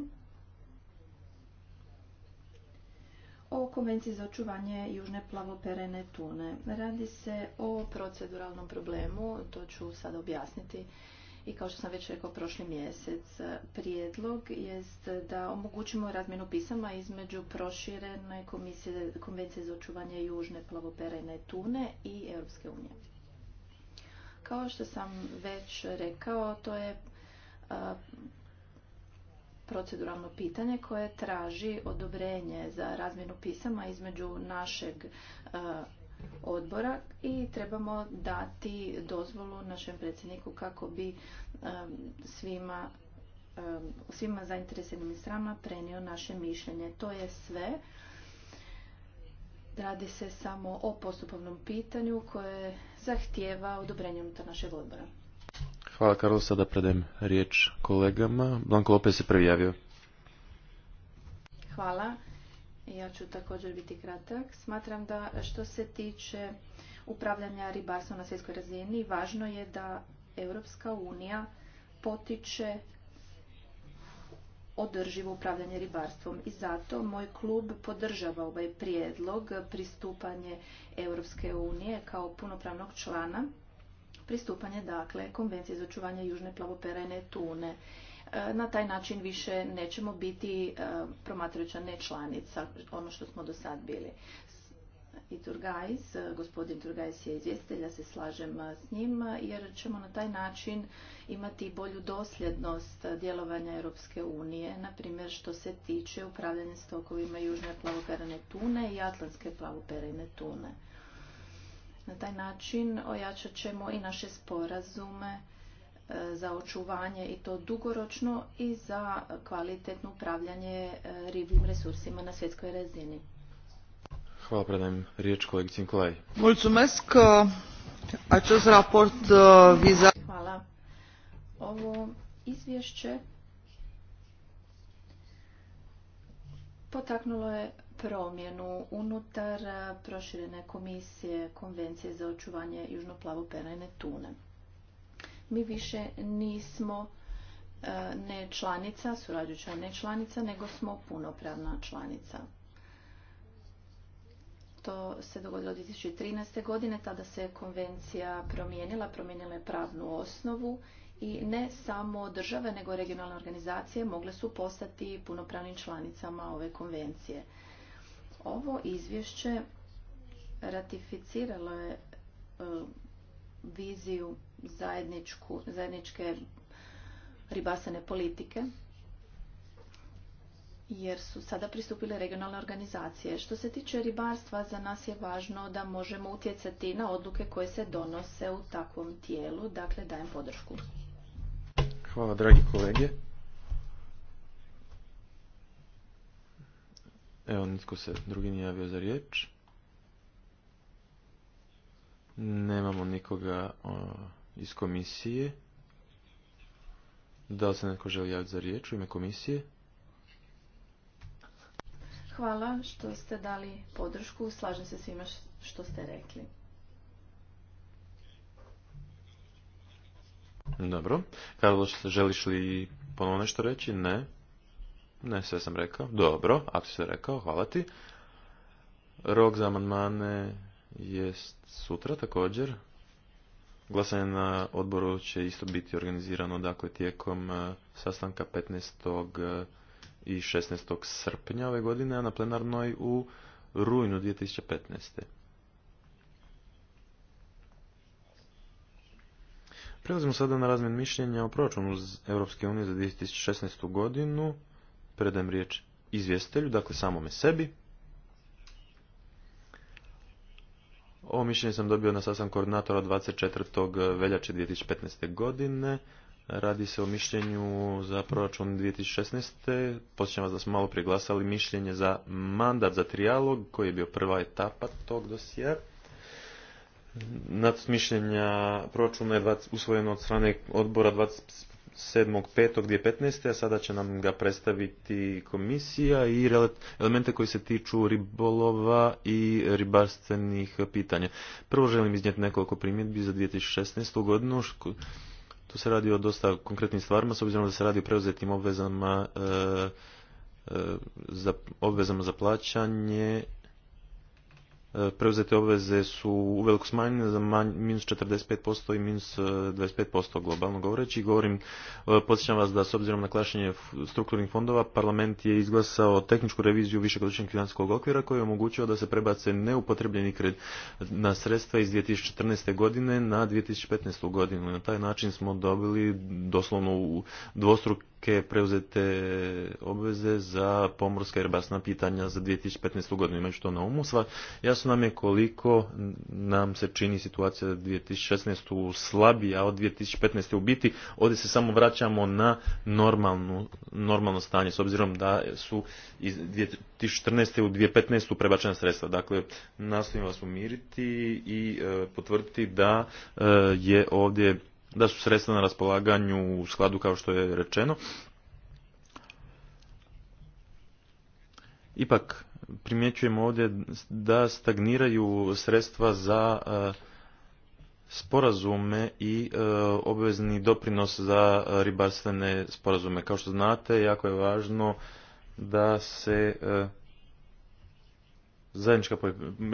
o Konvenciji za očuvanje južne plavoperene tune. Radi se o proceduralnom problemu, to ću sad objasniti. I kao što sam već rekao prošli mjesec, prijedlog jest da omogućimo razmjenu pisama između proširene komisije, konvencije za očuvanje južne plavoperajne tune i Europske unije. Kao što sam već rekao, to je proceduralno pitanje koje traži odobrenje za razmjenu pisama između našeg odbora i trebamo dati dozvolu našem predsjedniku kako bi svima svima zainteresiranim stranama prenio naše mišljenje. To je sve. Radi se samo o postupovnom pitanju koje zahtijeva odobrenje unutar našeg odbora. Hvala Karlo, sada predajem riječ kolegama. Blanko Lopez se prvi Hvala. Ja ću također biti kratak. Smatram da što se tiče upravljanja ribarstvom na svjetskoj razini, važno je da Europska unija potiče održivo upravljanje ribarstvom i zato moj klub podržava ovaj prijedlog pristupanje Europske unije kao punopravnog člana pristupanje dakle konvencije za očuvanje južne plavoperajne tune E, na taj način više nećemo biti e, promatrajuća nečlanica, ono što smo do sad bili. I Turgajs, e, gospodin Turgajs je izvjestitelj, ja se slažem s njim, jer ćemo na taj način imati bolju dosljednost djelovanja Europske unije, na primjer što se tiče upravljanja stokovima južne plavoperene tune i atlantske plavoperene tune. Na taj način ojačat ćemo i naše sporazume E, za očuvanje i to dugoročno i za kvalitetno upravljanje e, ribljim resursima na svjetskoj razini. Hvala, predajem riječ e, raport viza... Hvala. Ovo izvješće potaknulo je promjenu unutar proširene komisije Konvencije za očuvanje južnoplavu plavo tune. Mi više nismo e, ne članica, surađujuća ne članica, nego smo punopravna članica. To se dogodilo 2013. godine, tada se konvencija promijenila, promijenila je pravnu osnovu i ne samo države, nego regionalne organizacije mogle su postati punopravnim članicama ove konvencije. Ovo izvješće ratificiralo je e, viziju zajedničke ribasene politike jer su sada pristupile regionalne organizacije. Što se tiče ribarstva, za nas je važno da možemo utjecati na odluke koje se donose u takvom tijelu. Dakle, dajem podršku. Hvala, dragi kolege. Evo, nitko se drugi nije javio za riječ. Nemamo nikoga iz komisije. Da li se netko želi javiti za riječ u ime komisije? Hvala što ste dali podršku. Slažem se svima što ste rekli. Dobro. Karlo, želiš li ponovno nešto reći? Ne. Ne, sve sam rekao. Dobro, ako se sve rekao, hvala ti. Rok za amandmane jest sutra također. Glasanje na odboru će isto biti organizirano dakle tijekom e, sastanka 15. E, i 16. srpnja ove godine, a na plenarnoj u rujnu 2015. Prelazimo sada na razmjen mišljenja o proračunu Europske unije za 2016. godinu. Predajem riječ izvjestelju, dakle samome sebi. Ovo mišljenje sam dobio na sastanku koordinatora 24. veljače 2015. godine. Radi se o mišljenju za proračun 2016. Posjećam vas da smo malo priglasali mišljenje za mandat za trijalog koji je bio prva etapa tog dosija. nad mišljenja proračuna je usvojeno od strane odbora 7.5.2015. a sada će nam ga predstaviti komisija i elemente koji se tiču ribolova i ribarstvenih pitanja. Prvo želim iznijeti nekoliko primjedbi za 2016. godinu. Tu se radi o dosta konkretnim stvarima, s obzirom da se radi o preuzetim obvezama e, e, za obvezama za plaćanje preuzete obveze su uveliko smanjene za minus 45% i minus 25% e, globalno govoreći. Govorim, e, podsjećam vas da s obzirom na klašenje strukturnih fondova, parlament je izglasao tehničku reviziju višegodišnjeg financijskog okvira koji je omogućio da se prebace neupotrebljeni kred na sredstva iz 2014. godine na 2015. godinu. Na taj način smo dobili doslovno dvostruki neke preuzete obveze za pomorska i ribasna pitanja za 2015. godinu. Imajući to na umu, sva, jasno nam je koliko nam se čini situacija za 2016. slabija od 2015. u biti. Ovdje se samo vraćamo na normalnu, normalno stanje, s obzirom da su iz 2014. u 2015. prebačena sredstva. Dakle, nastojim vas umiriti i e, potvrditi da e, je ovdje da su sredstva na raspolaganju u skladu kao što je rečeno. Ipak primjećujemo ovdje da stagniraju sredstva za e, sporazume i e, obvezni doprinos za ribarstvene sporazume. Kao što znate, jako je važno da se e, zajednička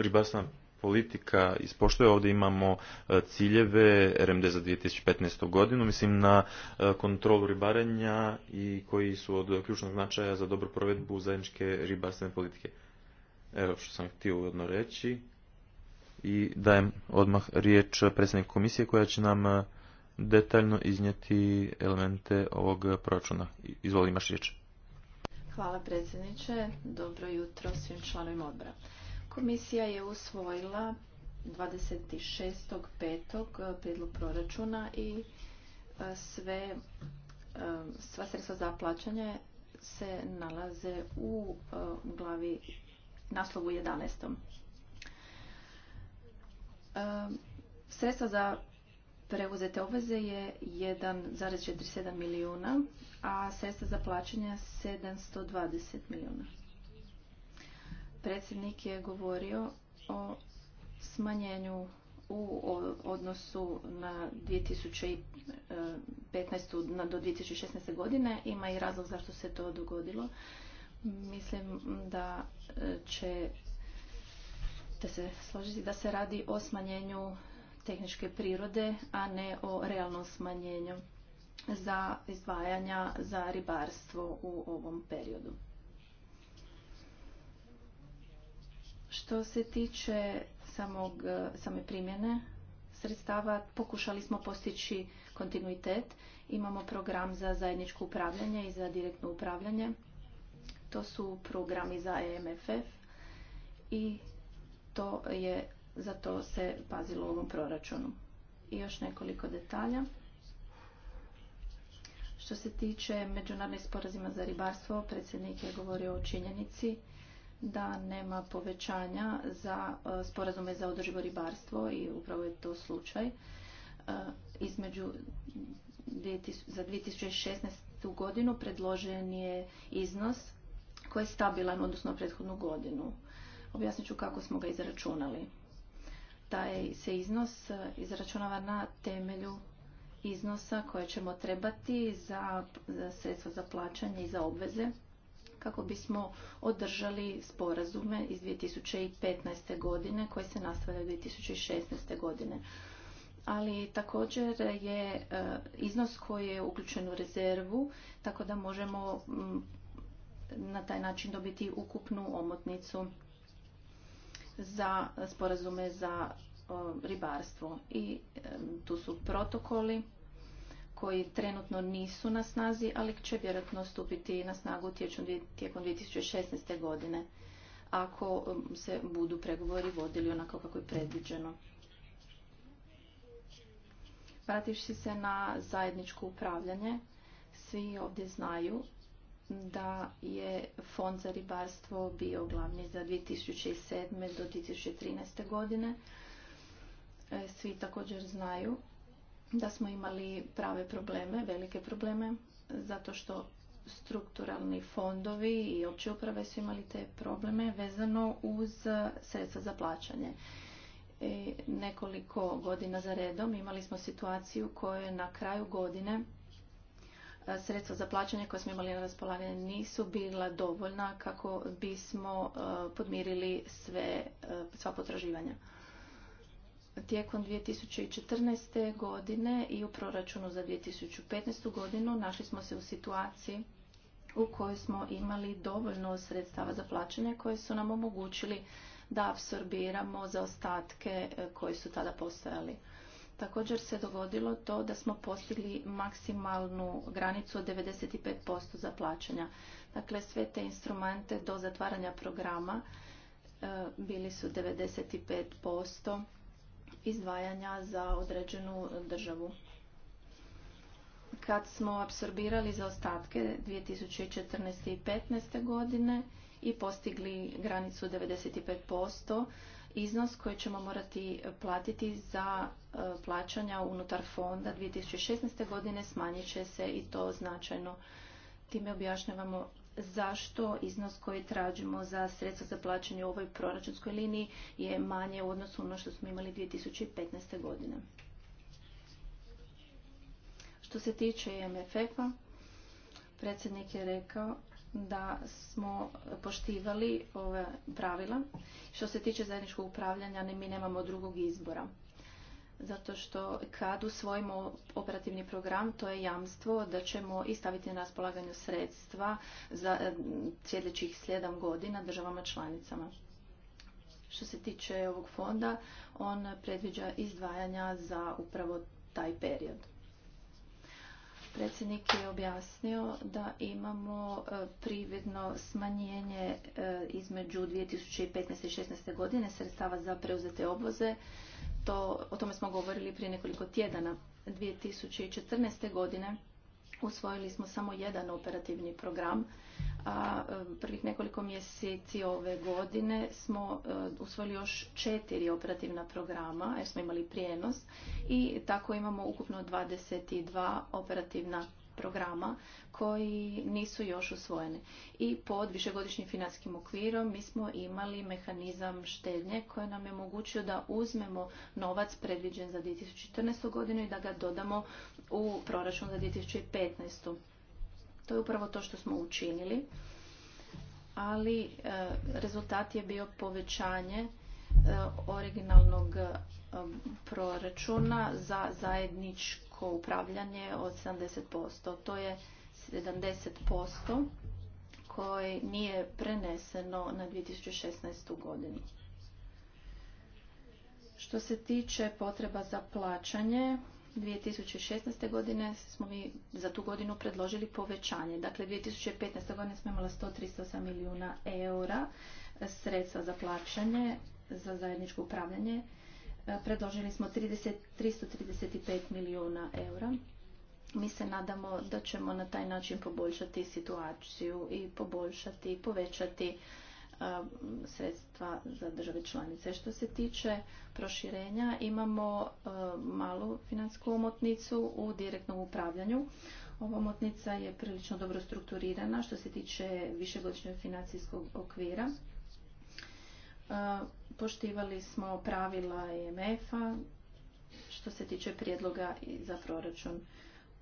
ribarstvena politika ispoštuje. Ovdje imamo e, ciljeve RMD za 2015. godinu, mislim na e, kontrolu ribarenja i koji su od ključnog značaja za dobru provedbu zajedničke ribarstvene politike. Evo što sam htio uvodno reći i dajem odmah riječ predsjedniku komisije koja će nam e, detaljno iznijeti elemente ovog proračuna. Izvoli imaš riječ. Hvala predsjedniče, dobro jutro svim članovima odbora. Komisija je usvojila 26.5. Eh, prijedlog proračuna i eh, sve, eh, sva sredstva za plaćanje se nalaze u glavi naslovu 11. Sredstva za preuzete obveze je 1,47 milijuna, a sredstva za plaćanje 720 milijuna predsjednik je govorio o smanjenju u odnosu na 2015. do 2016. godine. Ima i razlog zašto se to dogodilo. Mislim da e, će da se složiti da se radi o smanjenju tehničke prirode, a ne o realnom smanjenju za izdvajanja za ribarstvo u ovom periodu. Što se tiče samog, e, same primjene sredstava, pokušali smo postići kontinuitet. Imamo program za zajedničko upravljanje i za direktno upravljanje. To su programi za EMFF i to je za to se pazilo u ovom proračunu. I još nekoliko detalja. Što se tiče međunarodnih sporazima za ribarstvo, predsjednik je govorio o činjenici da nema povećanja za e, sporazume za održivo ribarstvo i upravo je to slučaj e, između za 2016. godinu predložen je iznos koji je stabilan odnosno na prethodnu godinu. Objasnit ću kako smo ga izračunali. Taj se iznos e, izračunava na temelju iznosa koje ćemo trebati za sredstva za plaćanje i za obveze kako bismo održali sporazume iz 2015. godine koje se nastavljaju 2016. godine. Ali također je e, iznos koji je uključen u rezervu, tako da možemo na taj način dobiti ukupnu omotnicu za sporazume za ribarstvo. I e, tu su protokoli koji trenutno nisu na snazi, ali će vjerojatno stupiti na snagu tijekom 2016. godine ako um, se budu pregovori vodili onako kako je predviđeno. Vrativši se na zajedničko upravljanje, svi ovdje znaju da je fond za ribarstvo bio glavni za 2007. do 2013. godine. E, svi također znaju da smo imali prave probleme, velike probleme, zato što strukturalni fondovi i opće uprave su imali te probleme vezano uz sredstva za plaćanje. E, nekoliko godina za redom imali smo situaciju kojoj na kraju godine sredstva za plaćanje koje smo imali na raspolaganje nisu bila dovoljna kako bismo podmirili sve, sva potraživanja tijekom 2014. godine i u proračunu za 2015. godinu našli smo se u situaciji u kojoj smo imali dovoljno sredstava za plaćanje koje su nam omogućili da apsorbiramo zaostatke e, koji su tada postojali. Također se dogodilo to da smo postigli maksimalnu granicu od 95% za plaćanja. Dakle, sve te instrumente do zatvaranja programa e, bili su 95% izdvajanja za određenu državu. Kad smo apsorbirali zaostatke 2014. i 2015. godine i postigli granicu 95%, iznos koji ćemo morati platiti za e, plaćanja unutar fonda 2016. godine smanjit će se i to značajno. Time objašnjavamo zašto iznos koji tražimo za sredstva za plaćanje u ovoj proračunskoj liniji je manje u odnosu na ono što smo imali 2015. godine. Što se tiče MFF-a, predsjednik je rekao da smo poštivali ove pravila. Što se tiče zajedničkog upravljanja, mi nemamo drugog izbora zato što kad usvojimo operativni program, to je jamstvo da ćemo i staviti na raspolaganju sredstva za e, sljedećih sljedam godina državama članicama. Što se tiče ovog fonda, on predviđa izdvajanja za upravo taj period. Predsjednik je objasnio da imamo e, prividno smanjenje e, između 2015. i 2016. godine sredstava za preuzete obvoze to, o tome smo govorili prije nekoliko tjedana. 2014. godine usvojili smo samo jedan operativni program, a e, prvih nekoliko mjeseci ove godine smo e, usvojili još četiri operativna programa, jer smo imali prijenos i tako imamo ukupno 22 operativna programa koji nisu još usvojeni. I pod višegodišnjim financijskim okvirom mi smo imali mehanizam štednje koji nam je omogućio da uzmemo novac predviđen za 2014. godinu i da ga dodamo u proračun za 2015. To je upravo to što smo učinili, ali e, rezultat je bio povećanje e, originalnog e, proračuna za zajedničku upravljanje od 70%. To je 70% koje nije preneseno na 2016. godinu. Što se tiče potreba za plaćanje, 2016. godine smo mi za tu godinu predložili povećanje. Dakle, 2015. godine smo imali 138 milijuna eura sredstva za plaćanje, za zajedničko upravljanje E, predložili smo 30, 335 milijuna eura. Mi se nadamo da ćemo na taj način poboljšati situaciju i poboljšati i povećati e, sredstva za države članice. Što se tiče proširenja, imamo e, malu financijsku omotnicu u direktnom upravljanju. Ova omotnica je prilično dobro strukturirana što se tiče višegodišnjeg financijskog okvira. Poštivali smo pravila IMF-a e što se tiče prijedloga za proračun.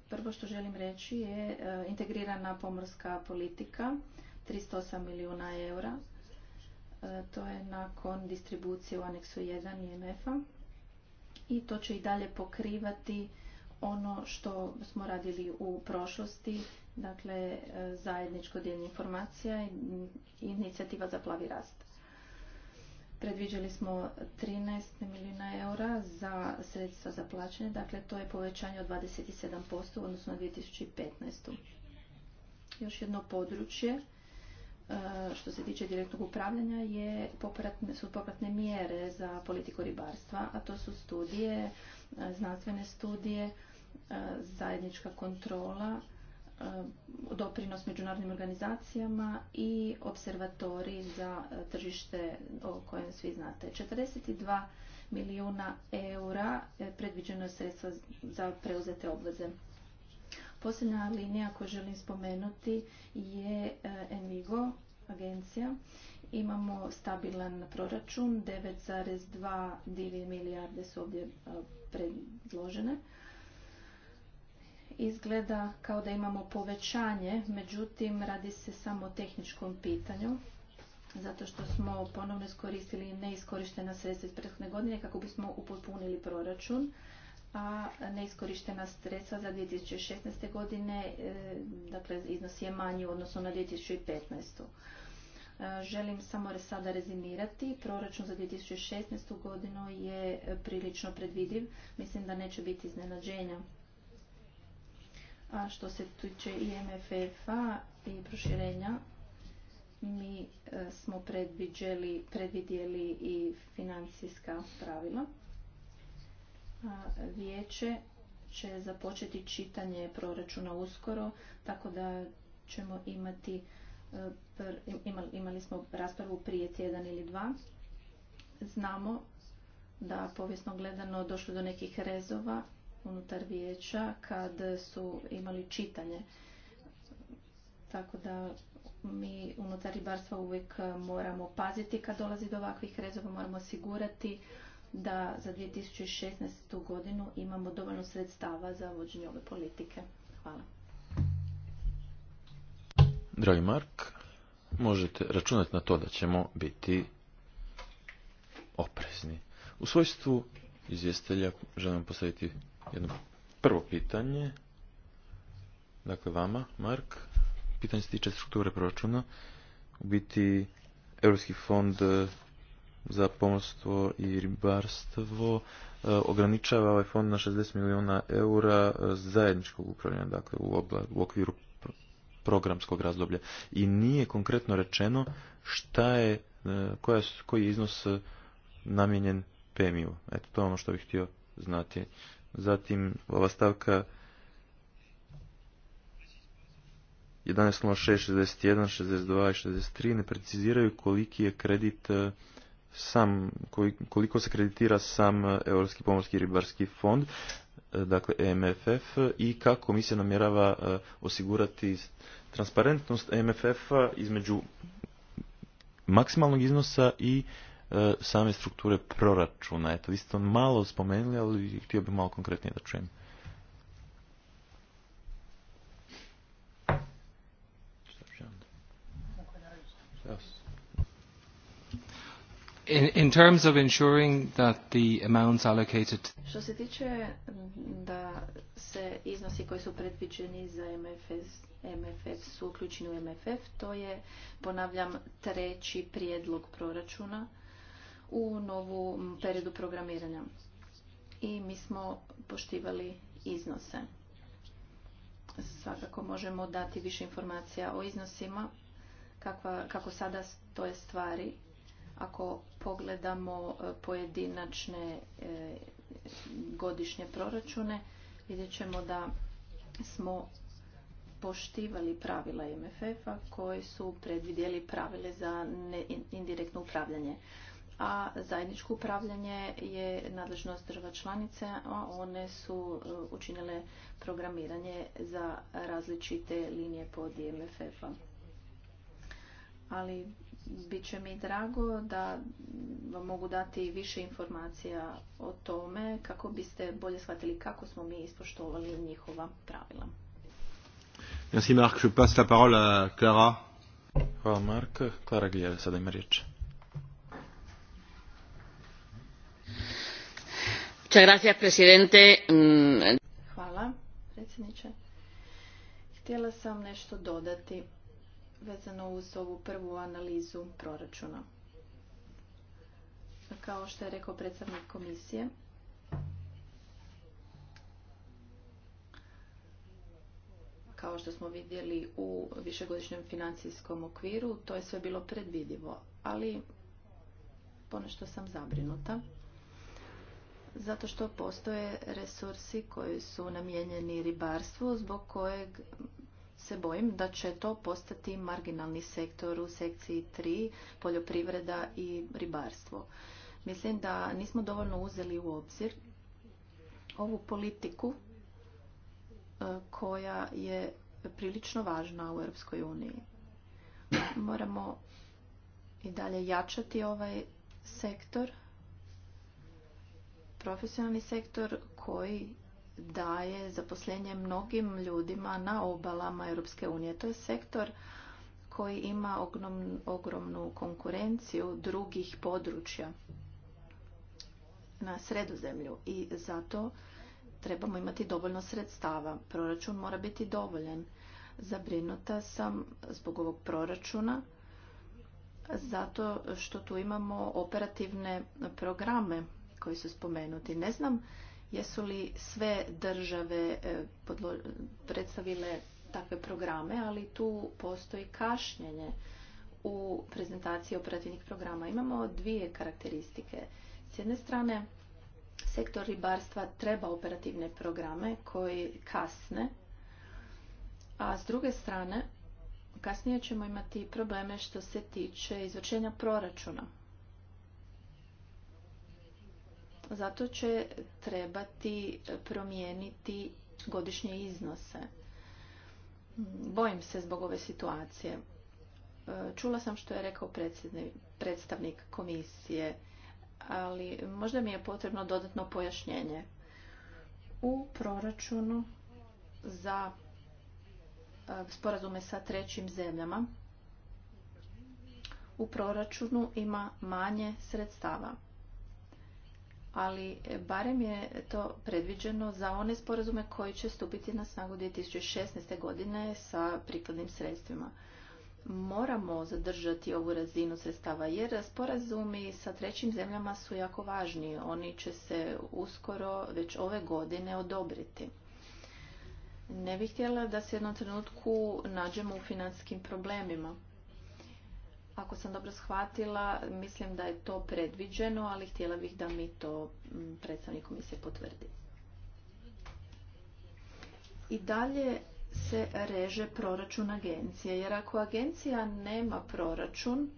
Prvo što želim reći je e, integrirana pomorska politika, 308 milijuna eura. E, to je nakon distribucije u aneksu 1 IMF-a i to će i dalje pokrivati ono što smo radili u prošlosti, dakle zajedničko dijeljenje informacija i inicijativa za plavi rast. Predviđali smo 13 milijuna eura za sredstva za plaćanje, dakle to je povećanje od 27% u odnosu na 2015. Još jedno područje e, što se tiče direktnog upravljanja je su popratne mjere za politiku ribarstva, a to su studije, e, znanstvene studije, e, zajednička kontrola E, doprinos međunarodnim organizacijama i observatori za e, tržište o kojem svi znate. 42 milijuna eura e, predviđeno je sredstva za preuzete obveze. Posljednja linija koju želim spomenuti je Envigo agencija. Imamo stabilan proračun, 9,2 milijarde su ovdje predložene. Izgleda kao da imamo povećanje, međutim radi se samo o tehničkom pitanju zato što smo ponovno iskoristili neiskorištena sredstva iz prethodne godine kako bismo upotpunili proračun, a neiskorištena sredstva za 2016. godine e, dakle, iznos je manji u odnosu na 2015. E, želim samo sada rezimirati. Proračun za 2016. godinu je prilično predvidiv. Mislim da neće biti iznenađenja a što se tiče mff a i proširenja, mi e, smo predvidjeli i financijska pravila. Vijeće će započeti čitanje proračuna uskoro, tako da ćemo imati, e, imali smo raspravu prije tjedan ili dva. Znamo da povijesno gledano došlo do nekih rezova unutar vijeća kad su imali čitanje. Tako da mi unutar ribarstva uvijek moramo paziti kad dolazi do ovakvih rezova, moramo osigurati da za 2016. godinu imamo dovoljno sredstava za vođenje ove politike. Hvala. Dragi Mark, možete računati na to da ćemo biti oprezni. U svojstvu izvjestelja želim postaviti jedno prvo pitanje. Dakle, vama, Mark. Pitanje se tiče strukture proračuna. U biti, Europski fond e, za pomorstvo i ribarstvo e, ograničava ovaj fond na 60 milijuna eura e, zajedničkog upravljanja, dakle u, okviru programskog razdoblja. I nije konkretno rečeno šta je, koji je iznos namijenjen PMI-u. Eto, to je ono što bih htio znati Zatim ova stavka 11.06.61, 62 i 63 ne preciziraju koliki je kredit e, sam, koliko se kreditira sam e, Europski pomorski ribarski fond, e, dakle EMFF, i kako komisija namjerava osigurati transparentnost EMFF-a između maksimalnog iznosa i E, same strukture proračuna. Eto, vi ste to malo spomenuli, ali htio bih malo konkretnije da čujem. Što se tiče mm, da se iznosi koji su predviđeni za MFS, MFF su uključeni u MFF, to je, ponavljam, treći prijedlog proračuna u novu periodu programiranja. I mi smo poštivali iznose. Svakako možemo dati više informacija o iznosima, kakva, kako sada to je stvari. Ako pogledamo e, pojedinačne e, godišnje proračune, vidjet ćemo da smo poštivali pravila MFF-a koji su predvidjeli pravile za indirektno upravljanje a zajedničko upravljanje je nadležnost država članice, a one su e, učinile programiranje za različite linije pod imff a Ali bit će mi drago da vam mogu dati više informacija o tome kako biste bolje shvatili kako smo mi ispoštovali njihova pravila. Merci Marc, je passe la parole à Clara. Clara sada Gracias, mm, Hvala, predsjedniče. Htjela sam nešto dodati vezano uz ovu prvu analizu proračuna. Kao što je rekao predstavnik komisije, kao što smo vidjeli u višegodišnjem financijskom okviru, to je sve bilo predvidivo, ali ponešto sam zabrinuta zato što postoje resursi koji su namijenjeni ribarstvu zbog kojeg se bojim da će to postati marginalni sektor u sekciji 3 poljoprivreda i ribarstvo. Mislim da nismo dovoljno uzeli u obzir ovu politiku e, koja je prilično važna u Europskoj uniji. Moramo i dalje jačati ovaj sektor profesionalni sektor koji daje zaposlenje mnogim ljudima na obalama Europske unije. To je sektor koji ima ogromnu konkurenciju drugih područja na sredozemlju i zato trebamo imati dovoljno sredstava. Proračun mora biti dovoljan. Zabrinuta sam zbog ovog proračuna zato što tu imamo operativne programe koji su spomenuti. Ne znam jesu li sve države e, predstavile takve programe, ali tu postoji kašnjenje u prezentaciji operativnih programa. Imamo dvije karakteristike. S jedne strane, sektor ribarstva treba operativne programe koji kasne, a s druge strane, kasnije ćemo imati probleme što se tiče izvršenja proračuna. Zato će trebati promijeniti godišnje iznose. Bojim se zbog ove situacije. E, čula sam što je rekao predstavnik komisije, ali možda mi je potrebno dodatno pojašnjenje. U proračunu za e, sporazume sa trećim zemljama u proračunu ima manje sredstava ali e, barem je to predviđeno za one sporazume koji će stupiti na snagu 2016. godine sa prikladnim sredstvima. Moramo zadržati ovu razinu sredstava jer sporazumi sa trećim zemljama su jako važni. Oni će se uskoro već ove godine odobriti. Ne bih htjela da se jednom trenutku nađemo u finanskim problemima ako sam dobro shvatila, mislim da je to predviđeno, ali htjela bih da mi to mm, predstavnik komisije potvrdi. I dalje se reže proračun agencije, jer ako agencija nema proračun,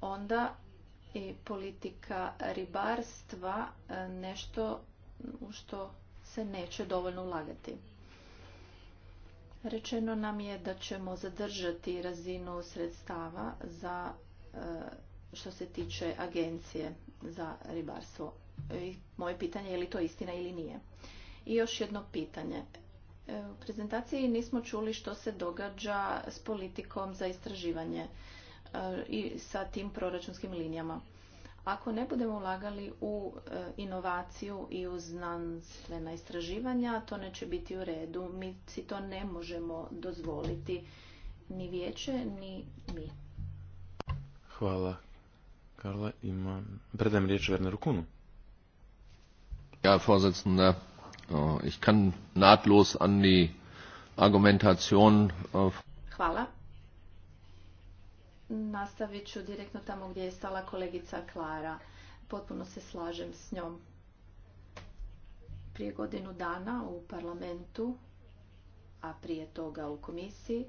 onda i politika ribarstva e, nešto u što se neće dovoljno ulagati. Rečeno nam je da ćemo zadržati razinu sredstava za e, što se tiče agencije za ribarstvo. moje pitanje je li to istina ili nije. I još jedno pitanje. E, u prezentaciji nismo čuli što se događa s politikom za istraživanje e, i sa tim proračunskim linijama. Ako ne budemo ulagali u e, inovaciju i u znanstvena istraživanja, to neće biti u redu. Mi si to ne možemo dozvoliti ni vijeće, ni mi. Hvala. Karla, ima... Predajem riječ Werneru Kunu. Ja, vorsitzende, äh, ich kann nahtlos an die Argumentation... Äh, Hvala. Nastavit ću direktno tamo gdje je stala kolegica Klara. Potpuno se slažem s njom. Prije godinu dana u parlamentu, a prije toga u komisiji,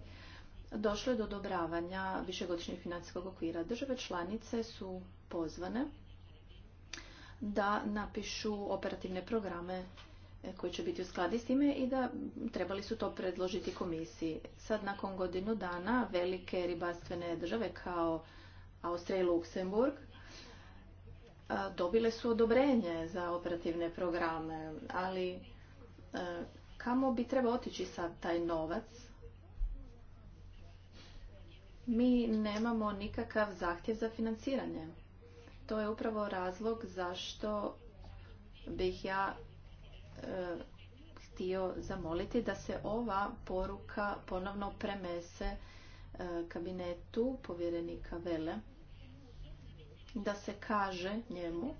došlo je do odobravanja višegodišnjeg financijskog okvira. Države članice su pozvane da napišu operativne programe E, koji će biti u skladi s time i da trebali su to predložiti komisiji. Sad nakon godinu dana velike ribarstvene države kao Austrija i Luksemburg dobile su odobrenje za operativne programe, ali e, kamo bi trebao otići sad taj novac? Mi nemamo nikakav zahtjev za financiranje. To je upravo razlog zašto bih ja E, htio zamoliti da se ova poruka ponovno premese e, kabinetu povjerenika Vele da se kaže njemu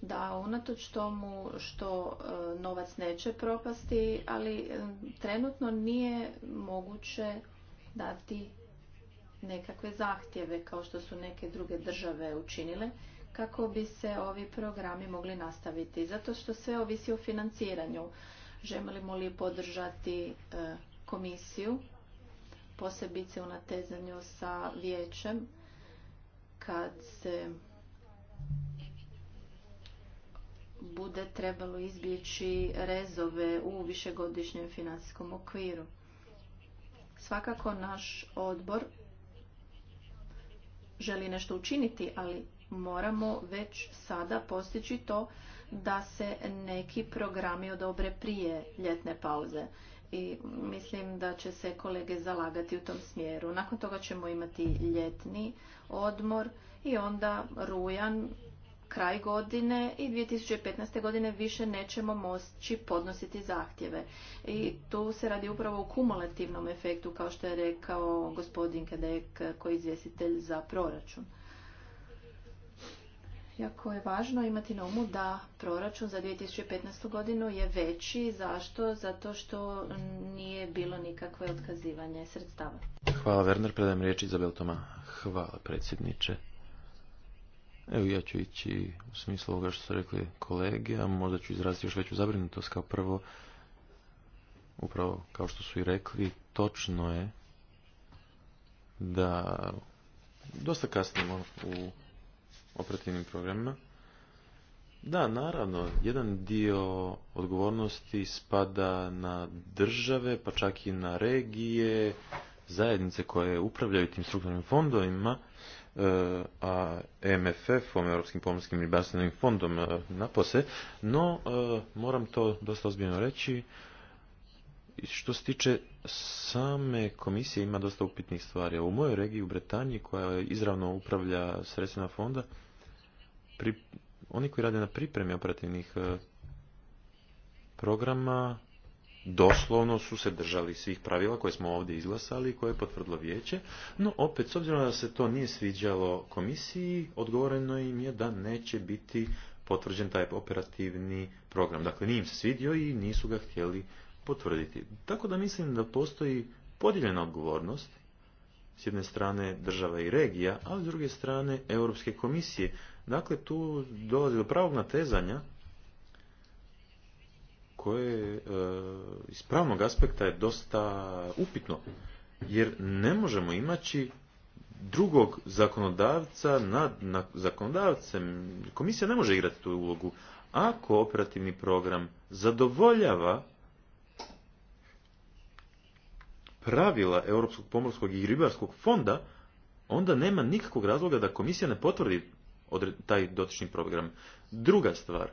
da unatoč tomu što e, novac neće propasti, ali trenutno nije moguće dati nekakve zahtjeve kao što su neke druge države učinile kako bi se ovi programi mogli nastaviti. Zato što sve ovisi o financiranju. Želimo li podržati e, komisiju, posebice u natezanju sa vijećem, kad se bude trebalo izbjeći rezove u višegodišnjem financijskom okviru. Svakako naš odbor želi nešto učiniti, ali moramo već sada postići to da se neki programi odobre prije ljetne pauze i mislim da će se kolege zalagati u tom smjeru. Nakon toga ćemo imati ljetni odmor i onda rujan kraj godine i 2015. godine više nećemo moći podnositi zahtjeve. I tu se radi upravo o kumulativnom efektu, kao što je rekao gospodin Kadek, koji je izvjestitelj za proračun. Jako je važno imati na umu da proračun za 2015. godinu je veći. Zašto? Zato što nije bilo nikakve otkazivanje sredstava. Hvala Werner, predajem riječ Izabel Toma. Hvala predsjedniče. Evo ja ću ići u smislu ovoga što su rekli kolege, a možda ću izraziti još veću zabrinutost kao prvo. Upravo kao što su i rekli, točno je da dosta kasnimo u operativnim programima. Da, naravno, jedan dio odgovornosti spada na države, pa čak i na regije, zajednice koje upravljaju tim strukturnim fondovima, e, a mff Europskim pomorskim ribarstvenim fondom e, napose, no e, moram to dosta ozbiljno reći, što se tiče same komisije ima dosta upitnih stvari. U mojoj regiji, u Bretanji, koja izravno upravlja sredstvima fonda, pri, oni koji rade na pripremi operativnih e, programa doslovno su se držali svih pravila koje smo ovdje izglasali i koje je potvrdilo vijeće, no opet, s obzirom da se to nije sviđalo komisiji, odgovoreno im je da neće biti potvrđen taj operativni program. Dakle, nije im se svidio i nisu ga htjeli potvrditi. Tako da mislim da postoji podijeljena odgovornost s jedne strane država i regija, a s druge strane Europske komisije. Dakle, tu dolazi do pravog natezanja koje e, iz pravnog aspekta je dosta upitno, jer ne možemo imati drugog zakonodavca nad, nad zakonodavcem. Komisija ne može igrati tu ulogu. Ako operativni program zadovoljava pravila Europskog pomorskog i ribarskog fonda, onda nema nikakvog razloga da komisija ne potvrdi taj dotični program. Druga stvar,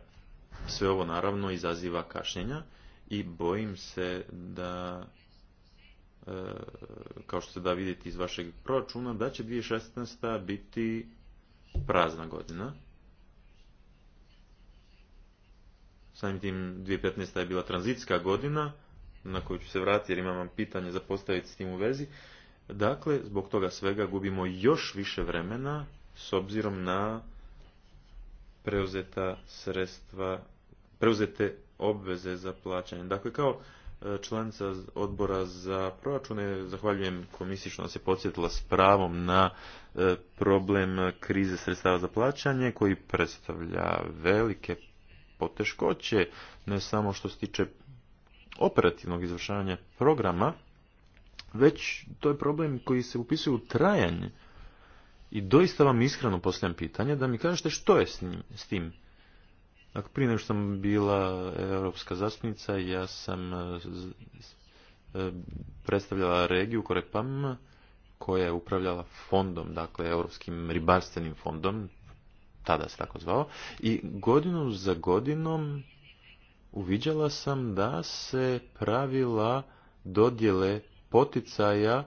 sve ovo naravno izaziva kašnjenja i bojim se da e, kao što se da vidjeti iz vašeg proračuna, da će 2016. biti prazna godina. Samim tim 2015. je bila tranzitska godina, na koju ću se vratiti jer imam vam pitanje za postaviti s tim u vezi. Dakle, zbog toga svega gubimo još više vremena s obzirom na preuzeta sredstva, preuzete obveze za plaćanje. Dakle, kao e, članica odbora za proračune, zahvaljujem komisiji što nas je podsjetila s pravom na e, problem krize sredstava za plaćanje koji predstavlja velike poteškoće, ne samo što se tiče operativnog izvršavanja programa, već to je problem koji se upisuje u trajanje. I doista vam iskreno postavljam pitanje da mi kažete što je s, tim. Dakle, prije nego što sam bila europska zastupnica, ja sam e, e, predstavljala regiju Korepam, koja je upravljala fondom, dakle, europskim ribarstvenim fondom, tada se tako zvao, i godinu za godinom uviđala sam da se pravila dodjele poticaja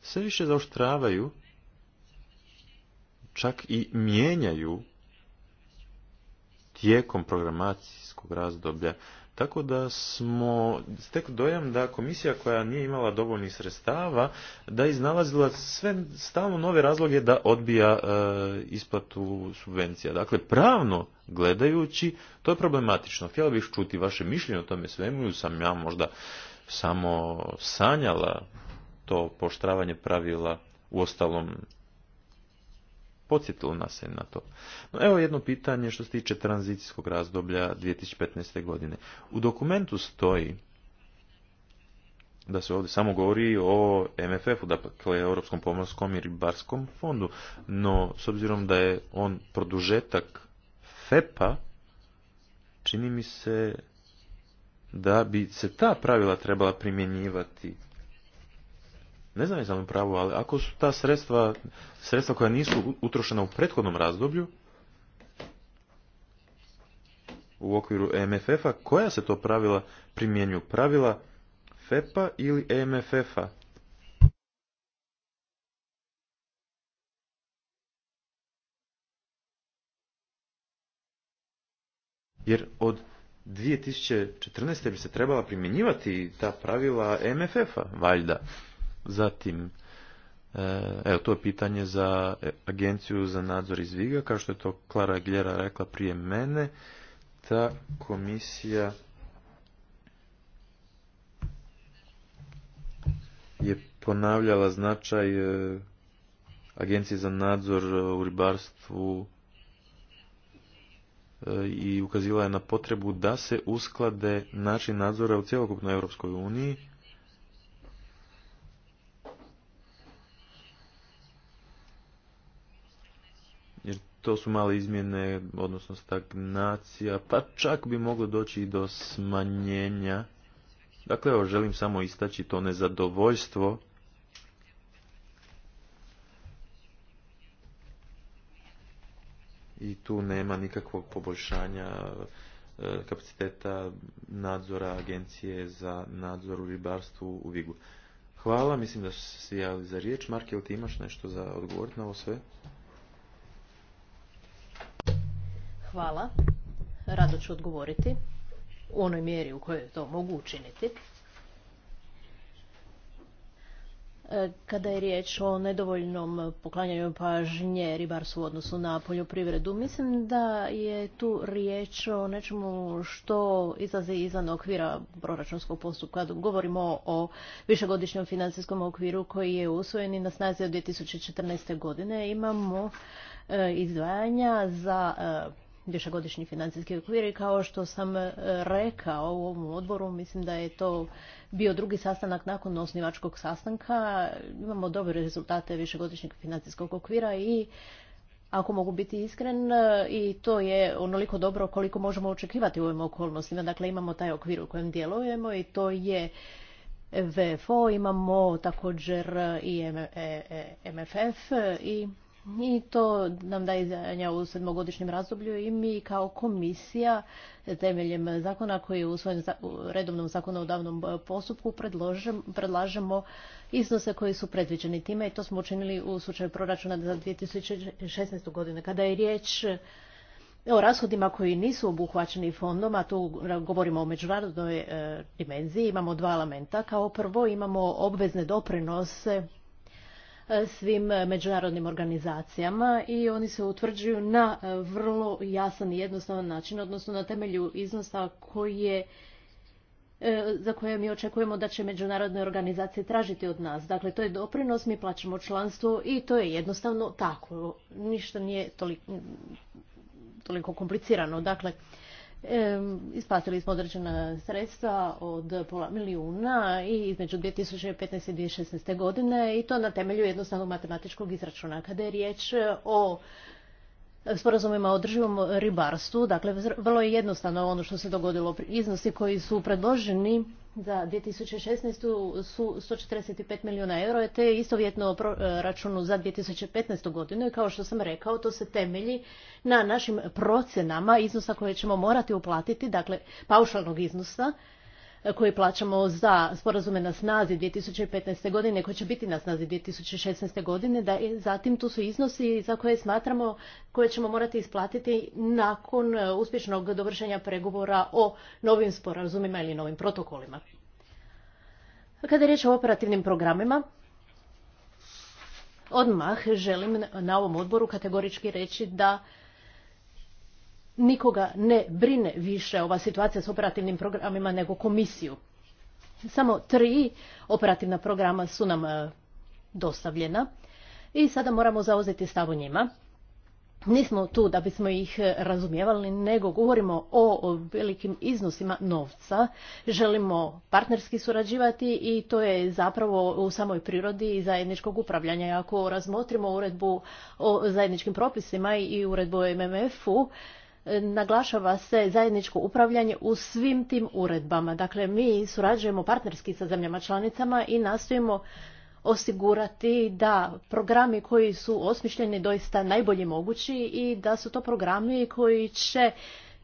sve više zaoštravaju, čak i mijenjaju tijekom programacijskog razdoblja. Tako da smo tek dojam da komisija koja nije imala dovoljnih sredstava da iznalazila sve stalno nove razloge da odbija e, isplatu subvencija. Dakle, pravno gledajući, to je problematično. Htjela bih čuti vaše mišljenje o tome svemu, sam ja možda samo sanjala to poštravanje pravila u ostalom podsjetilo nas se na to. No, evo jedno pitanje što se tiče tranzicijskog razdoblja 2015. godine. U dokumentu stoji da se ovdje samo govori o MFF-u, dakle Europskom pomorskom i ribarskom fondu, no s obzirom da je on produžetak FEPA, čini mi se da bi se ta pravila trebala primjenjivati ne znam jesam li pravo, ali ako su ta sredstva, sredstva koja nisu utrošena u prethodnom razdoblju, u okviru EMFF-a, koja se to pravila primjenju? Pravila FEPA ili EMFF-a? Jer od 2014. bi se trebala primjenjivati ta pravila e MFF-a, valjda. Zatim, e, evo to je pitanje za agenciju za nadzor izviga, kao što je to Klara Gljera rekla prije mene, ta komisija je ponavljala značaj e, agencije za nadzor e, u ribarstvu i ukazila je na potrebu da se usklade način nadzora u cjelokupnoj Europskoj uniji to su male izmjene, odnosno stagnacija, pa čak bi moglo doći i do smanjenja. Dakle, evo, želim samo istaći to nezadovoljstvo i tu nema nikakvog poboljšanja e, kapaciteta nadzora agencije za nadzor u ribarstvu u Vigu. Hvala, mislim da su se javili za riječ. marke ti imaš nešto za odgovoriti na ovo sve? Hvala. Rado ću odgovoriti u onoj mjeri u kojoj to mogu učiniti. E, kada je riječ o nedovoljnom poklanjanju pažnje ribarstvu u odnosu na poljoprivredu, mislim da je tu riječ o nečemu što izlazi izvan okvira proračunskog postupka. Govorimo o višegodišnjem financijskom okviru koji je usvojen i na snazi od 2014. godine. Imamo e, izdvajanja za e, višegodišnji financijski okvir i kao što sam e, rekao u ovom odboru, mislim da je to bio drugi sastanak nakon osnivačkog sastanka. Imamo dobre rezultate višegodišnjeg financijskog okvira i ako mogu biti iskren, e, i to je onoliko dobro koliko možemo očekivati u ovim okolnostima. Dakle, imamo taj okvir u kojem djelujemo i to je VFO, imamo također i MFF e, i i to nam daje izdanja u sedmogodišnjem razdoblju i mi kao komisija temeljem zakona koji je u svojem redovnom zakonodavnom postupku predlažemo iznose koji su predviđeni time i to smo učinili u slučaju proračuna za 2016. godinu. Kada je riječ o rashodima koji nisu obuhvaćeni fondom, a tu govorimo o međunarodnoj e, dimenziji, imamo dva elementa. Kao prvo imamo obvezne doprinose E, svim međunarodnim organizacijama i oni se utvrđuju na e, vrlo jasan i jednostavan način, odnosno na temelju iznosa koje e, za koje mi očekujemo da će međunarodne organizacije tražiti od nas. Dakle, to je doprinos, mi plaćamo članstvo i to je jednostavno tako. Ništa nije toliko, toliko komplicirano. Dakle, E, isplatili smo određena sredstva od pola milijuna i između 2015. i 2016. godine i to na temelju jednostavnog matematičkog izračuna. Kada je riječ o sporazumima o održivom ribarstvu. Dakle, vrlo je jednostavno ono što se dogodilo. Iznosi koji su predloženi za 2016. su 145 milijuna euro, te istovjetno računu za 2015. godinu. I kao što sam rekao, to se temelji na našim procjenama iznosa koje ćemo morati uplatiti, dakle, paušalnog iznosa koji plaćamo za sporazume na snazi 2015. godine koji će biti na snazi 2016. godine da i zatim tu su iznosi za koje smatramo koje ćemo morati isplatiti nakon e, uspješnog dovršenja pregovora o novim sporazumima ili novim protokolima. Kada je riječ o operativnim programima, odmah želim na ovom odboru kategorički reći da nikoga ne brine više ova situacija s operativnim programima nego komisiju. Samo tri operativna programa su nam e, dostavljena i sada moramo zauzeti stav o njima. Nismo tu da bismo ih e, razumijevali, nego govorimo o velikim iznosima novca. Želimo partnerski surađivati i to je zapravo u samoj prirodi zajedničkog upravljanja. Ako razmotrimo uredbu o zajedničkim propisima i uredbu o MMF-u, naglašava se zajedničko upravljanje u svim tim uredbama. Dakle, mi surađujemo partnerski sa zemljama članicama i nastojimo osigurati da programi koji su osmišljeni doista najbolji mogući i da su to programi koji će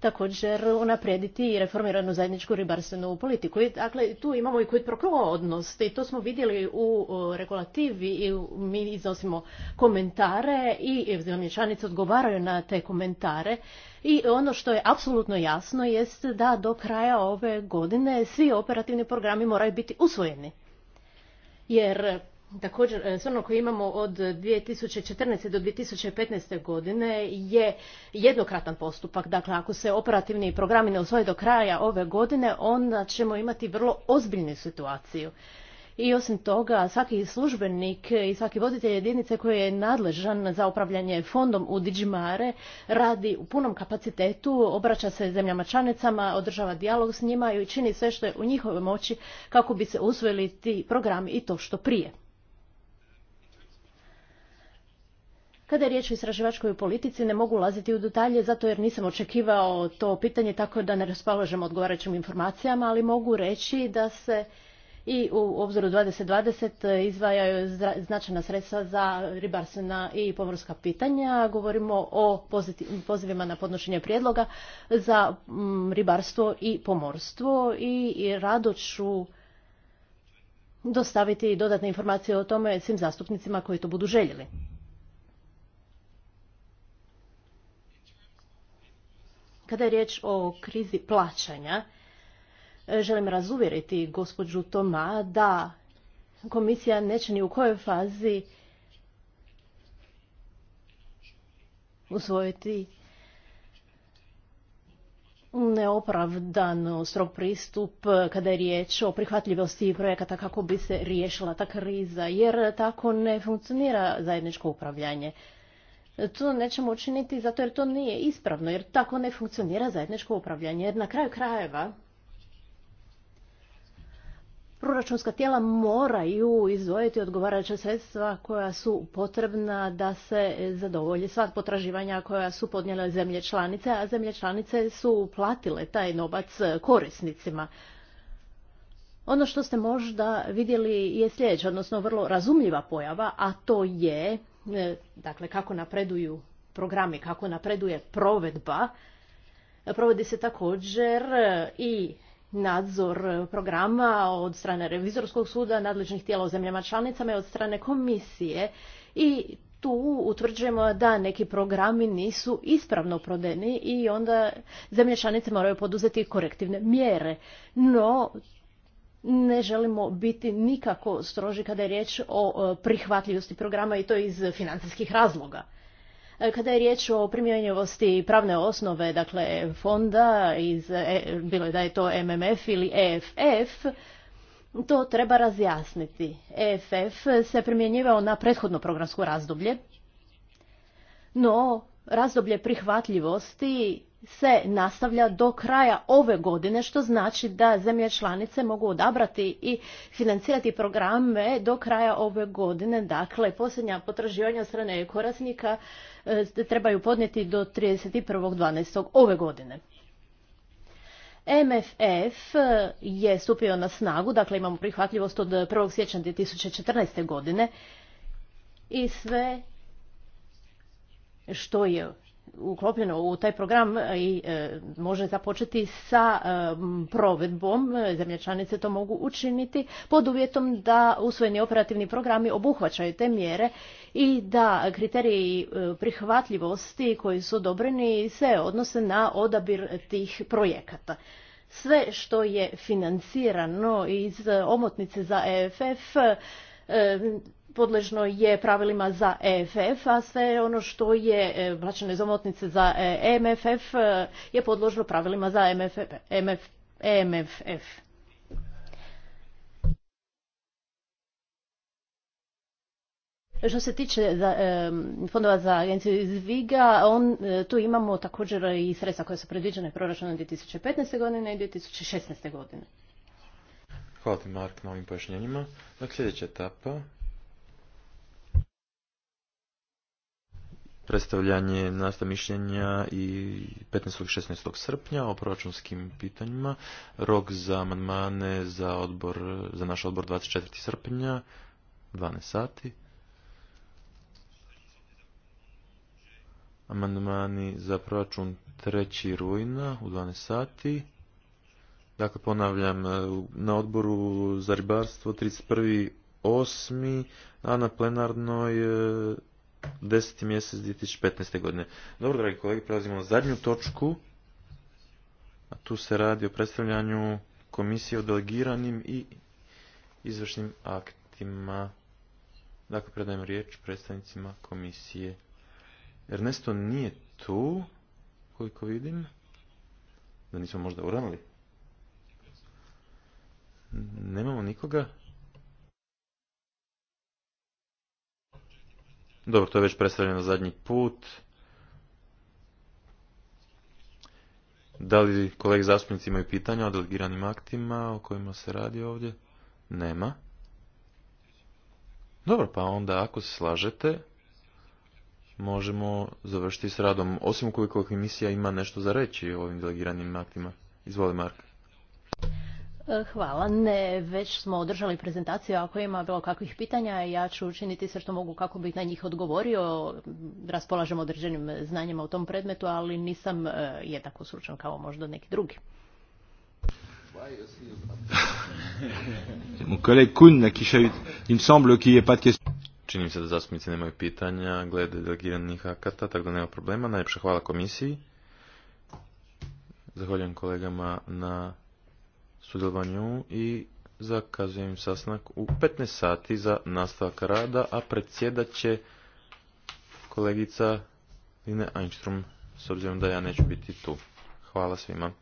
također unaprijediti i reformiranu zajedničku ribarstvenu politiku. dakle, tu imamo i kod pro quo i to smo vidjeli u regulativi i mi iznosimo komentare i zemlje članice odgovaraju na te komentare. I ono što je apsolutno jasno jest da do kraja ove godine svi operativni programi moraju biti usvojeni. Jer Također, e, ono koje imamo od 2014. do 2015. godine je jednokratan postupak. Dakle, ako se operativni programi ne usvoje do kraja ove godine, onda ćemo imati vrlo ozbiljnu situaciju. I osim toga, svaki službenik i svaki voditelj jedinice koji je nadležan za upravljanje fondom u Digimare radi u punom kapacitetu, obraća se zemljama članicama, održava dijalog s njima i čini sve što je u njihovoj moći kako bi se usvojili ti programi i to što prije. Kada je riječ o istraživačkoj politici, ne mogu ulaziti u detalje zato jer nisam očekivao to pitanje tako da ne raspoložem odgovarajućim informacijama, ali mogu reći da se i u obzoru 2020 izvajaju značajna sredstva za ribarstvena i pomorska pitanja. Govorimo o pozivima na podnošenje prijedloga za mm, ribarstvo i pomorstvo i rado ću dostaviti dodatne informacije o tome svim zastupnicima koji to budu željeli. Kada je riječ o krizi plaćanja, e, želim razuvjeriti gospođu Toma da komisija neće ni u kojoj fazi usvojiti neopravdan strog pristup kada je riječ o prihvatljivosti projekata kako bi se riješila ta kriza, jer tako ne funkcionira zajedničko upravljanje to nećemo učiniti zato jer to nije ispravno, jer tako ne funkcionira zajedničko upravljanje. Jer na kraju krajeva proračunska tijela moraju izdvojiti odgovarajuća sredstva koja su potrebna da se zadovolje sva potraživanja koja su podnijele zemlje članice, a zemlje članice su platile taj novac korisnicima. Ono što ste možda vidjeli je sljedeća, odnosno vrlo razumljiva pojava, a to je E, dakle kako napreduju programi, kako napreduje provedba, e, provodi se također e, i nadzor programa od strane revizorskog suda, nadležnih tijela u zemljama članicama i od strane komisije i tu utvrđujemo da neki programi nisu ispravno prodeni i onda zemlje članice moraju poduzeti korektivne mjere. No, ne želimo biti nikako stroži kada je riječ o prihvatljivosti programa i to iz financijskih razloga. E, kada je riječ o primjenjivosti pravne osnove, dakle fonda, iz, e, bilo da je to MMF ili EFF, to treba razjasniti. EFF se primjenjivao na prethodno programsko razdoblje, no razdoblje prihvatljivosti se nastavlja do kraja ove godine, što znači da zemlje članice mogu odabrati i financirati programe do kraja ove godine. Dakle, posljednja potraživanja strane korasnika e, trebaju podnijeti do 31.12. ove godine. MFF e, je stupio na snagu, dakle imamo prihvatljivost od 1. siječnja 2014. godine i sve što je uklopljeno u taj program i e, može započeti sa e, provedbom. Zemlje članice to mogu učiniti pod uvjetom da usvojeni operativni programi obuhvaćaju te mjere i da kriteriji e, prihvatljivosti koji su odobreni se odnose na odabir tih projekata. Sve što je financirano iz omotnice za EFF podležno je pravilima za EFF, a sve ono što je e, plaćene iz omotnice za e, MFF e, je podložno pravilima za MFF. Što se tiče fondova za agenciju iz Viga, on, tu imamo također i sredstva koja su predviđene proračunom 2015. godine i 2016. godine. Hvala ti Mark na ovim pojašnjenjima. Dakle, sljedeća etapa predstavljanje nasta mišljenja i 15. i 16. srpnja o proračunskim pitanjima. Rok za amandmane za, odbor, za naš odbor 24. srpnja, 12 sati. Amandmani za proračun 3. rujna u 12 sati. Dakle, ponavljam, e, na odboru za ribarstvo 31. osmi, a na plenarnoj e, 10. mjesec 2015. godine. Dobro, dragi kolegi, prelazimo na zadnju točku. A tu se radi o predstavljanju komisije o delegiranim i izvršnim aktima. Dakle, predajem riječ predstavnicima komisije. Ernesto nije tu, koliko vidim. Da nismo možda uranili. Nemamo nikoga. Dobro, to je već predstavljeno zadnji put. Da li kolege zastupnici imaju pitanja o delegiranim aktima o kojima se radi ovdje? Nema. Dobro, pa onda ako se slažete, možemo završiti s radom. Osim ukoliko komisija ima nešto za reći o ovim delegiranim aktima. Izvoli Marka. E, hvala. Ne, već smo održali prezentaciju. Ako ima bilo kakvih pitanja, ja ću učiniti sve što mogu kako bih na njih odgovorio. Raspolažem određenim znanjima u tom predmetu, ali nisam e, je tako stručan kao možda neki drugi. *laughs* Mon collègue qui semble qu'il Činim se da zastupnici nemaju pitanja glede delegiranih akata, tako da nema problema. Najljepša hvala komisiji. Zahvaljujem kolegama na sudjelovanju i zakazujem sastanak u 15 sati za nastavak rada, a predsjedat će kolegica Line Einstrom, s obzirom da ja neću biti tu. Hvala svima.